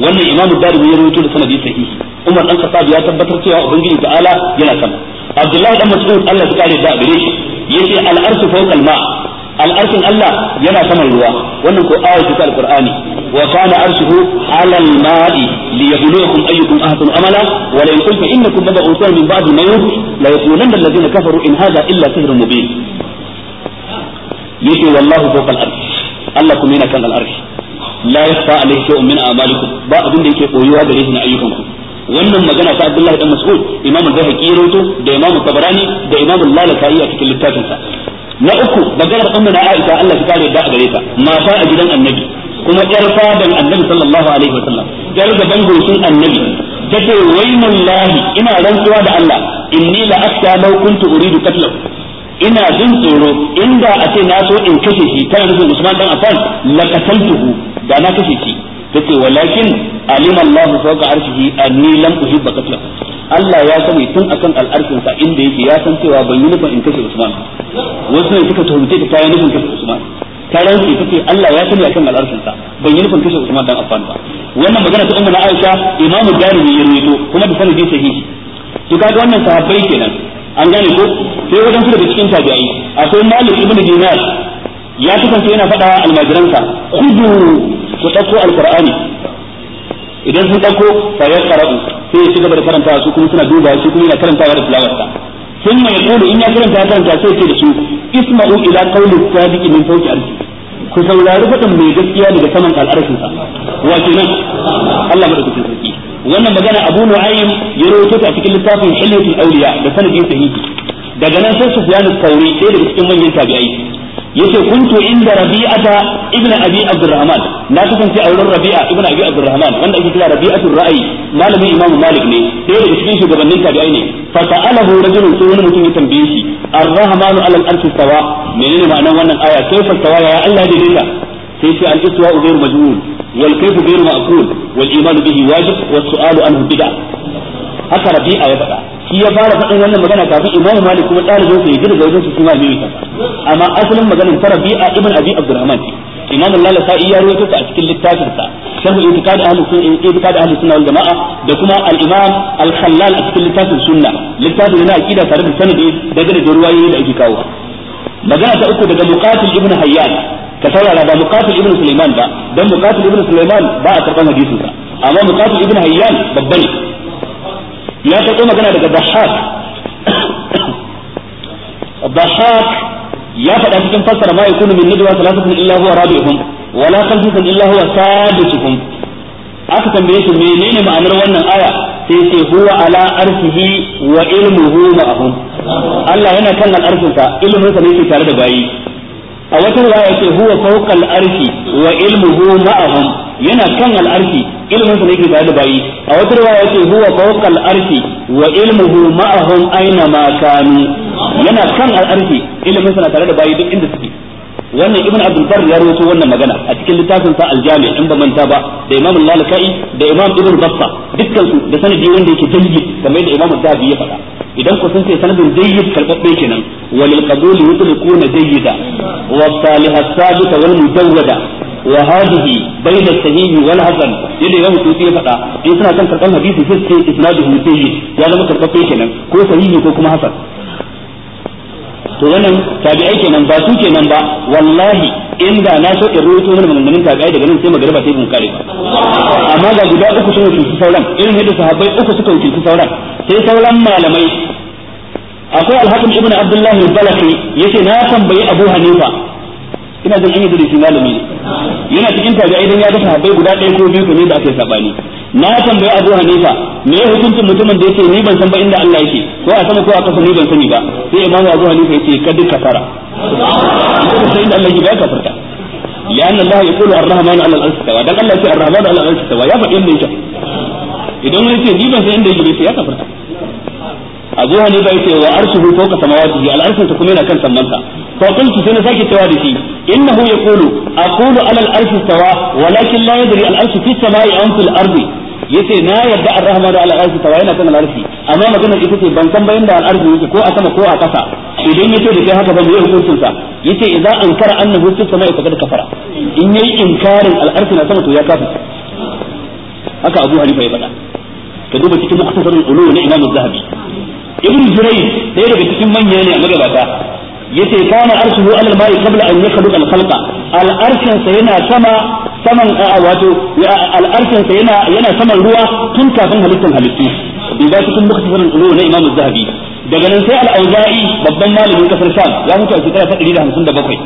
wannan imamu darimi ya rawaito da sanadi sahihi umar dan khattab ya tabbatar cewa ubangiji ta'ala yana sama abdullahi dan mas'ud Allah ya kare da gare shi yace al-arshu fawqa al-ma al-arshin Allah yana saman ruwa wannan ko ayatu ta al-qur'ani wa kana arshuhu 'ala al-ma'i liyabluwakum ayyukum ahsanu amala wa la yaqulu innakum mab'uthun min ba'di maut la yaqulanna alladhina kafaru in hadha illa sihrun mubin yace wallahu fawqa al-arsh Allah kuma yana kan al-arsh la yasfa alaihi shay'un min a'malikum ba abin da yake koyuwa gare shi ayyukan ku wannan magana ta Abdullahi dan Mas'ud Imam Zahabi ya rawaito da Imam Tabarani da Imam Lalakai a cikin littafin sa na uku maganar ummu na Aisha Allah ta kare da a gare ta mata a gidan Annabi kuma yar fadan Annabi sallallahu alaihi wasallam yar gaban goshin Annabi tace waymullahi ina rantsuwa da Allah inni la akhsha law kuntu uridu ina jin tsoro inda a ce na so in kashe shi kana nufin Usman dan Affan la qataltuhu da na kashe shi tace walakin alima Allah fawqa arshihi anni lam uhibba qatla Allah ya sani tun akan al'arshin sa inda yake ya san cewa ban yi nufin in kashe Usman wasu ne suka tuhumce ta kayan nufin kashe Usman ta rantsi tace Allah ya sani akan al'arshin sa ban yi nufin kashe Usman dan Affan ba wannan magana ta ummu na Aisha imamu Darimi ya rawaito kuma da sanadi sahihi to kaga wannan sahabbai kenan an gane ko sai wajen da cikin tabi'ai akwai malik ibn dinar ya kasance yana faɗa almajiransa kudu ku ɗauko alqur'ani idan sun ɗauko fa ya karatu sai ya ci gaba da karantawa su kuma suna duba su kuma yana karantawa da tilawarsa sun mai kudu in ya karanta ya karanta sai ce da su isma'u ila qawli sadiqi min fawqi arshi ku saurari faɗin mai gaskiya daga saman al'arshin sa wa nan Allah madaukakin sarki wannan magana Abu Nu'aym ya rawaito ta a cikin littafin Hilyatul Awliya da sanadi sahihi daga nan sai Sufyan al-Thawri sai daga cikin manyan tabi'ai yace kuntu inda Rabi'ata ibn Abi Abdurrahman na kasance a wurin Rabi'a ibn Abi Abdurrahman wanda ake kira Rabi'atul ra'ayi malamin Imam Malik ne sai daga cikin shugabannin tabi'ai ne fa sa'alahu rajulun sai wani mutum ya tambaye shi ar-rahmanu 'ala al-arshi sawa menene ma'anar wannan aya kaifa sawa ya Allah daidaita sai sai al-istiwa ghayr majnun والكيف غير معقول والايمان به واجب والسؤال عنه haka rabi'a ya faɗa shi ya fara faɗin wannan magana kafin imam malik kuma ɗalibin ya ji ga wajen su kuma mai amma asalin maganar ta rabi'a ibn abi abdurrahman imam al ya ta a cikin littafin sa sharh i'tiqad ahli sunna i'tiqad ahli sunna wal jamaa da kuma al-imam al-khallal a cikin littafin sunna littafin yana aqida tare da sanadi daga da ruwayoyi da ake kawo magana ta uku daga muqatil ibn hayyan ka saurara ba muqatil ibn sulaiman ba dan muqatil ibn sulaiman ba a karban hadisin sa amma muqatil ibn hayyan babban ya ta karbo magana daga dahhak dahhak ya faɗa cikin fassara ma yakunu min najwa thalathatun illa huwa rabi'uhum wala la khamsatun illa huwa sadisuhum aka tambaye shi menene ma'anar wannan aya sai ce huwa ala arsihi wa ilmuhu ma'ahum Allah yana kan al'arfinsa ilmin sa ne yake tare da bayi a wata riwaya yace huwa fawqa al-arshi wa ilmuhu ma'ahum yana kan al-arshi ilmin sa yake tare da bayi a wata riwaya yace huwa fawqa al-arshi wa ilmuhu ma'ahum aina ma kanu yana kan al-arshi ilmin sa tare da bayi duk inda suke wannan ibn abdul bar ya rawaito wannan magana a cikin littafin sa al-jami in ba manta ba da imam al da imam ibn bassa dukkan su da sanadi wanda yake dalili kamar da imam zabi ya faɗa idan ku sun sai sanadin jayyid karbabbe kenan walil qabul na jayyida wa as sabita wal mujawwada wa hadhihi bayna sahihi wal hasan yadda ya mutu ya fada in suna kan karban hadisi sai ce isnaduhu jayyid ya zama karbabbe kenan ko sahihi ko kuma hasan to wannan tabi'ai kenan ba su kenan ba wallahi inda na so in ruwaito mana maganganun tabi'ai daga nan sai magana ba sai mun kare amma ga guda uku sun su sauran irin yadda sahabbai uku suka su sauran sai sauran malamai akwai alhakim ibnu abdullah al-balaki yace na tambayi abu hanifa ina da shi da malami ne yana cikin tabi'ai dan ya ga sahabbai guda ɗaya ko biyu ne da ake sabani na tambayi Abu Hanifa me ya hukuncin mutumin da yake ni ban san ba inda Allah yake ko a sama ko a kasa ni ban sani ba sai imamu Abu Hanifa yake duka fara, ko sai inda Allah yake ba kafarta ya anna Allah ya ar-rahman ala al istawa dan Allah yake ar-rahman ala al istawa ya faɗi inda yake idan wani ce ni ban san inda yake sai ya kafarta Abu Hanifa yake wa arshuhu fawqa samawati al-arshin ta kuma yana kan sammanta fa qultu sai na sake cewa da shi innahu yaqulu aqulu ala al-arsh tawa walakin la yadri al-arsh fi samai am fi al-ardi yace na yarda ar da ala ta tawa yana kan amma maganar ita ce ban san bayan da al yake ko a sama ko a kasa idan yace da kai haka ba mai hukuncin sa yace idza ankara annahu fi sama'i faqad kafara in yayi inkarin al na sama to ya kafa haka Abu Hanifa ya faɗa ka duba cikin muktasarul ulum na Imam zahabi ibnu Jurayj ɗaya daga cikin manya ne a magabata yace kana arshuhu alal ma'i qabla an yakhluqa al khalqa al arshin sa yana sama saman wato al arshin sa yana yana saman ruwa tun kafin halittan halittu idan cikin mukhtasarul ulum na imam az-zahabi daga nan sai al-auza'i babban malamin kasar sham ya mutu a shekara ta 157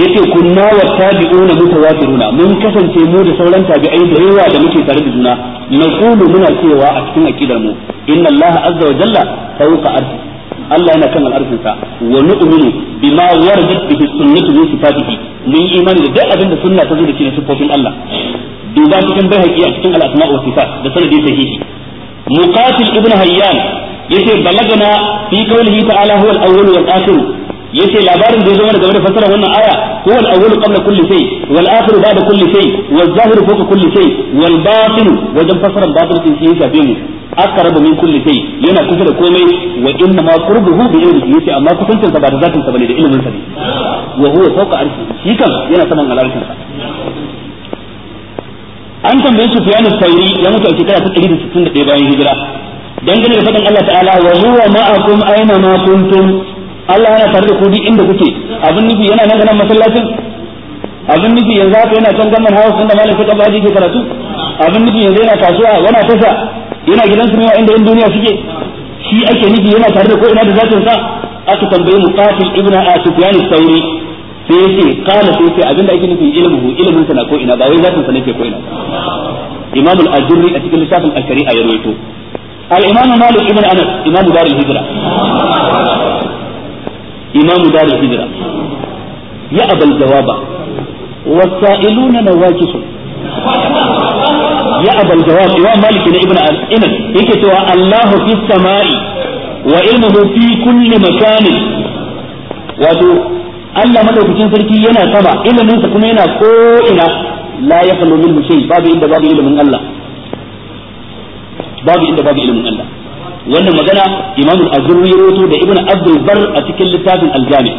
yace kunna wa tabi'una mutawatiruna mun kasance mu da sauran tabi'ai da yawa da muke tare da juna naqulu muna cewa a cikin aqidar mu inna allaha azza wa jalla fawqa arshi Allah yana kan al'arfinsa wa nu'minu bima waradat bihi sunnatu min sifatihi min imani da duk abin da sunna ta zo da shi ne sifofin Allah duba cikin bayhaqi a cikin al-asma wa sifat da sanadi sahihi muqatil ibn hayyan yace balagana fi qawlihi ta'ala huwa al-awwal wal akhir yace labarin da ya zama game da fasara wannan aya huwa al-awwal qabla kulli shay wal akhir ba'da kulli shay wal zahir fawqa kulli shay wal batin wajen fasara batin shi ya shafe mu aqrabu min kulli shay yana kusa da komai wa inna ma qurbuhu bi ilmihi yace amma kusancin sa ba da zatin sa bane da ilimin sa ne wa huwa fawqa arshi shi kan yana saman al'arshin sa an tambaye Sufyan al-Thawri ya mutu a shekara ta 161 bayan hijira dangane da fadin Allah ta'ala wa huwa ma'akum aina ma kuntum Allah yana tare da ku duk inda kuke abin nufi yana nan nan masallacin abin nufi yanzu haka yana can gamman hawa sun da malam fita baji ke karatu abin nufi yanzu yana kasuwa yana tasha yana gidansu ne inda yan duniya suke shi ake nufi yana tare da ko ina da zatin sa aka tambayi muqatil ibnu asufyan sauri sai yace qala sai yace abinda ake nufi ilmuhu ilmun sa na ko ina ba wai zatin sa nake ko ina imam al-ajurri a cikin littafin al-shari'a ya rawaito al-imam malik ibn anas imam dar al-hijra imam dar al-hijra ya abal jawaba والسائلون نواجس ya abal jawab imam malik ne ibn al-inan yake cewa Allahu fi samai wa ilmuhu fi kulli wato Allah madaukakin sarki yana sama ilimin sa kuma yana ko ina la yakhlu min shay babu inda babu ilimin Allah babu inda babu ilimin Allah wannan magana Imam al-Azhari ya rawaito da Ibn Abdul bar a cikin littafin al-Jami'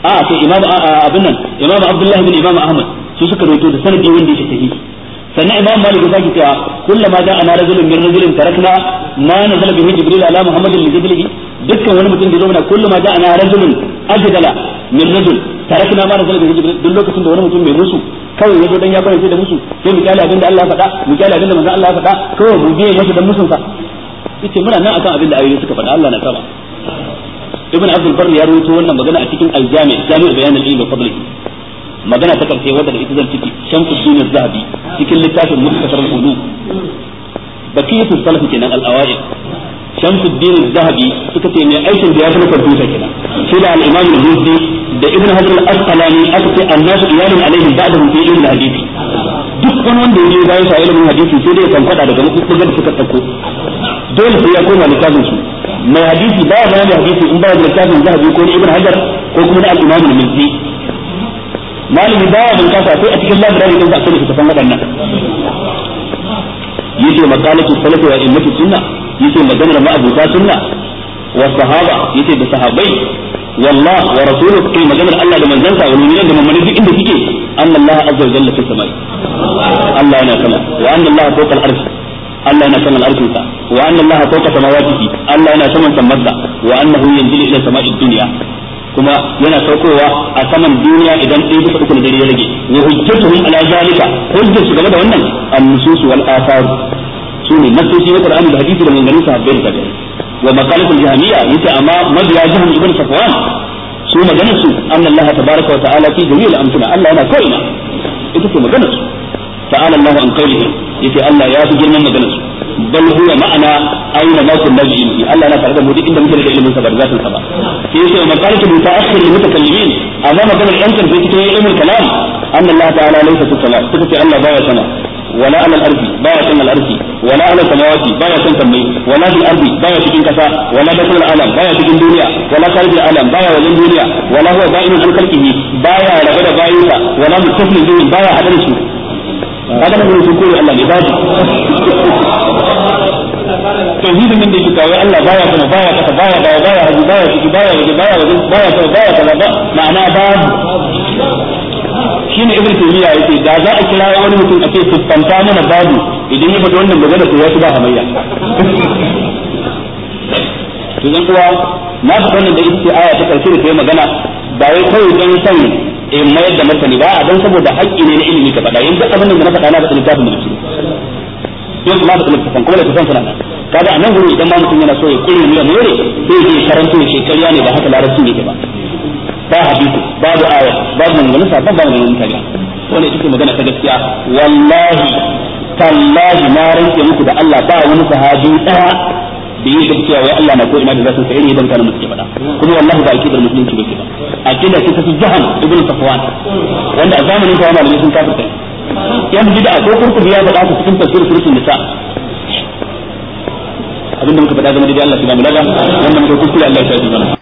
a to Imam abin nan Imam Abdullah ibn Imam Ahmad su suka rawaito da sanadi wanda yake sahihi sannan imam malik ya sake cewa kullama da ana rajulun min rajulin tarakna ma nazala bihi jibril ala muhammadin li jibril dukkan wani mutum da zo mana kullama da ana rajulun ajdala min rajul tarakna ma nazala bihi jibril duk lokacin da wani mutum mai musu kawai yazo da ya fara da musu sai mu kyale abin da Allah ya faɗa mu kyale abin da Allah ya faɗa kawai mu biye masa musu musun sa yace muna nan akan abin da ayoyi suka faɗa Allah na kama ibn abdul ya wannan magana a cikin al-jami' jami'ul bayan al magana ta karshe wanda da ita zan ciki shamsu sunni zabi cikin littafin mukhtasar al-ulu bakiyatu salaf kenan al-awaid shamsu din zabi suka ce mai aikin da ya fi nufar dusa kenan shi da al-imam al-muzdi da ibn hajar al-asqalani aka ce annasu iyalun alaihim ba'da fi ilmi al-hadith duk wani wanda ya je bayan sa ilimin hadith sai dai kan fada daga mukukugar da suka tsako dole sai ya koma littafin su mai hadisi ba ya bayani hadisi in ba da littafin zabi ko ibn hajar ko kuma al-imam al-muzdi malumin bawa mun kasa sai a cikin labirari ɗin ba sai ka san waɗannan yake makana ki salatu wa immati sunna yake magana da ma'abuta sunna wa sahaba yake da sahabai wallah wa rasuluhu kai magana Allah da manzon sa wa mu'minan da mu'minan duk inda kike anna Allah azza wa jalla fi samai Allah yana sama wa anna Allah fawqa Allah yana sama al-arsh ta wa anna Allah fawqa samawati Allah yana sama samadda wa annahu yanzilu ila sama'id dunya kuma yana saukowa a saman duniya idan ɗaya bisa uku na dare ya rage wa hujjatuhum ala zalika hujjar su game da wannan an-nusus wal athar sune nasosi na Qur'ani da hadisi da maganganun sahabbai da tabi'in wa jihamiya jahmiyya yace amma mabiya jahm ibn safwan su maganar su anna Allah tabaaraka wa ta'ala fi jami'il amtuna Allah yana koina ita ce maganar su ta'ala Allah an qawlihi yace Allah ya fi girman maganar su bal huwa ma'ana aina ma kun in Allah na farda mu duk inda muke da ilimin sa barza sun saba sai yace man qala bi ta'akhir li mutakallimin amma magana dan kan sai kito ilmin kalam anna Allah ta'ala laysa fi kalam suka ce Allah baya sana wala ala al-ardi baya sana al-ardi wala ala samawati baya san sammai wala fil ardi baya cikin kasa wala dakul alam baya cikin duniya wala kalbi alam baya wajen duniya wala huwa ba'in an kalkihi baya rabu da bayinsa wala mutaflin baya hadar su kaga mun yi koyi Allah ibadi tauhidin nan da yake kawai Allah baya sama baya kasa baya baya baya haji baya ciki baya waje baya waje baya sama baya kaza ba ma'ana ba babu shine ibn tayyiya yace da za a kira wani mutum a ce tuffanta mana babu idan ya faɗi wannan magana to ya shi ba hamayya to yan uwa na fi wannan da ita ce aya ta karshe da ta yi magana ba wai kawai don san in mayar da masani ba a don saboda haƙƙi ne na ilimi ka faɗa yanzu abin da na faɗa na faɗa littafin da shi yanzu na faɗa tafi kuma da kusan sana kaga a nan gurin idan ma mutum yana so ya kulle ya more sai ya karanto ya shekariya ne ba haka larabci ne ba ba hadisi babu aya babu manganin sabon babu manganin kariya wannan ita ce magana ta gaskiya wallahi tallahi na rantse muku da Allah ba wani sahabi daya da yi duk cewa wai Allah na ko ina da zasu sai irin idan muke faɗa kuma wallahi ba akidar musulunci bace ba akida ce ta su jahan ibn safwan wanda a zamanin sa yana da sun kafirta yan bid'a ko kurku biya da faɗa cikin tafsir surutun nisa abinda muka faɗa game da Allah subhanahu wa ta'ala wannan muka kuskure Allah ya shaidi mana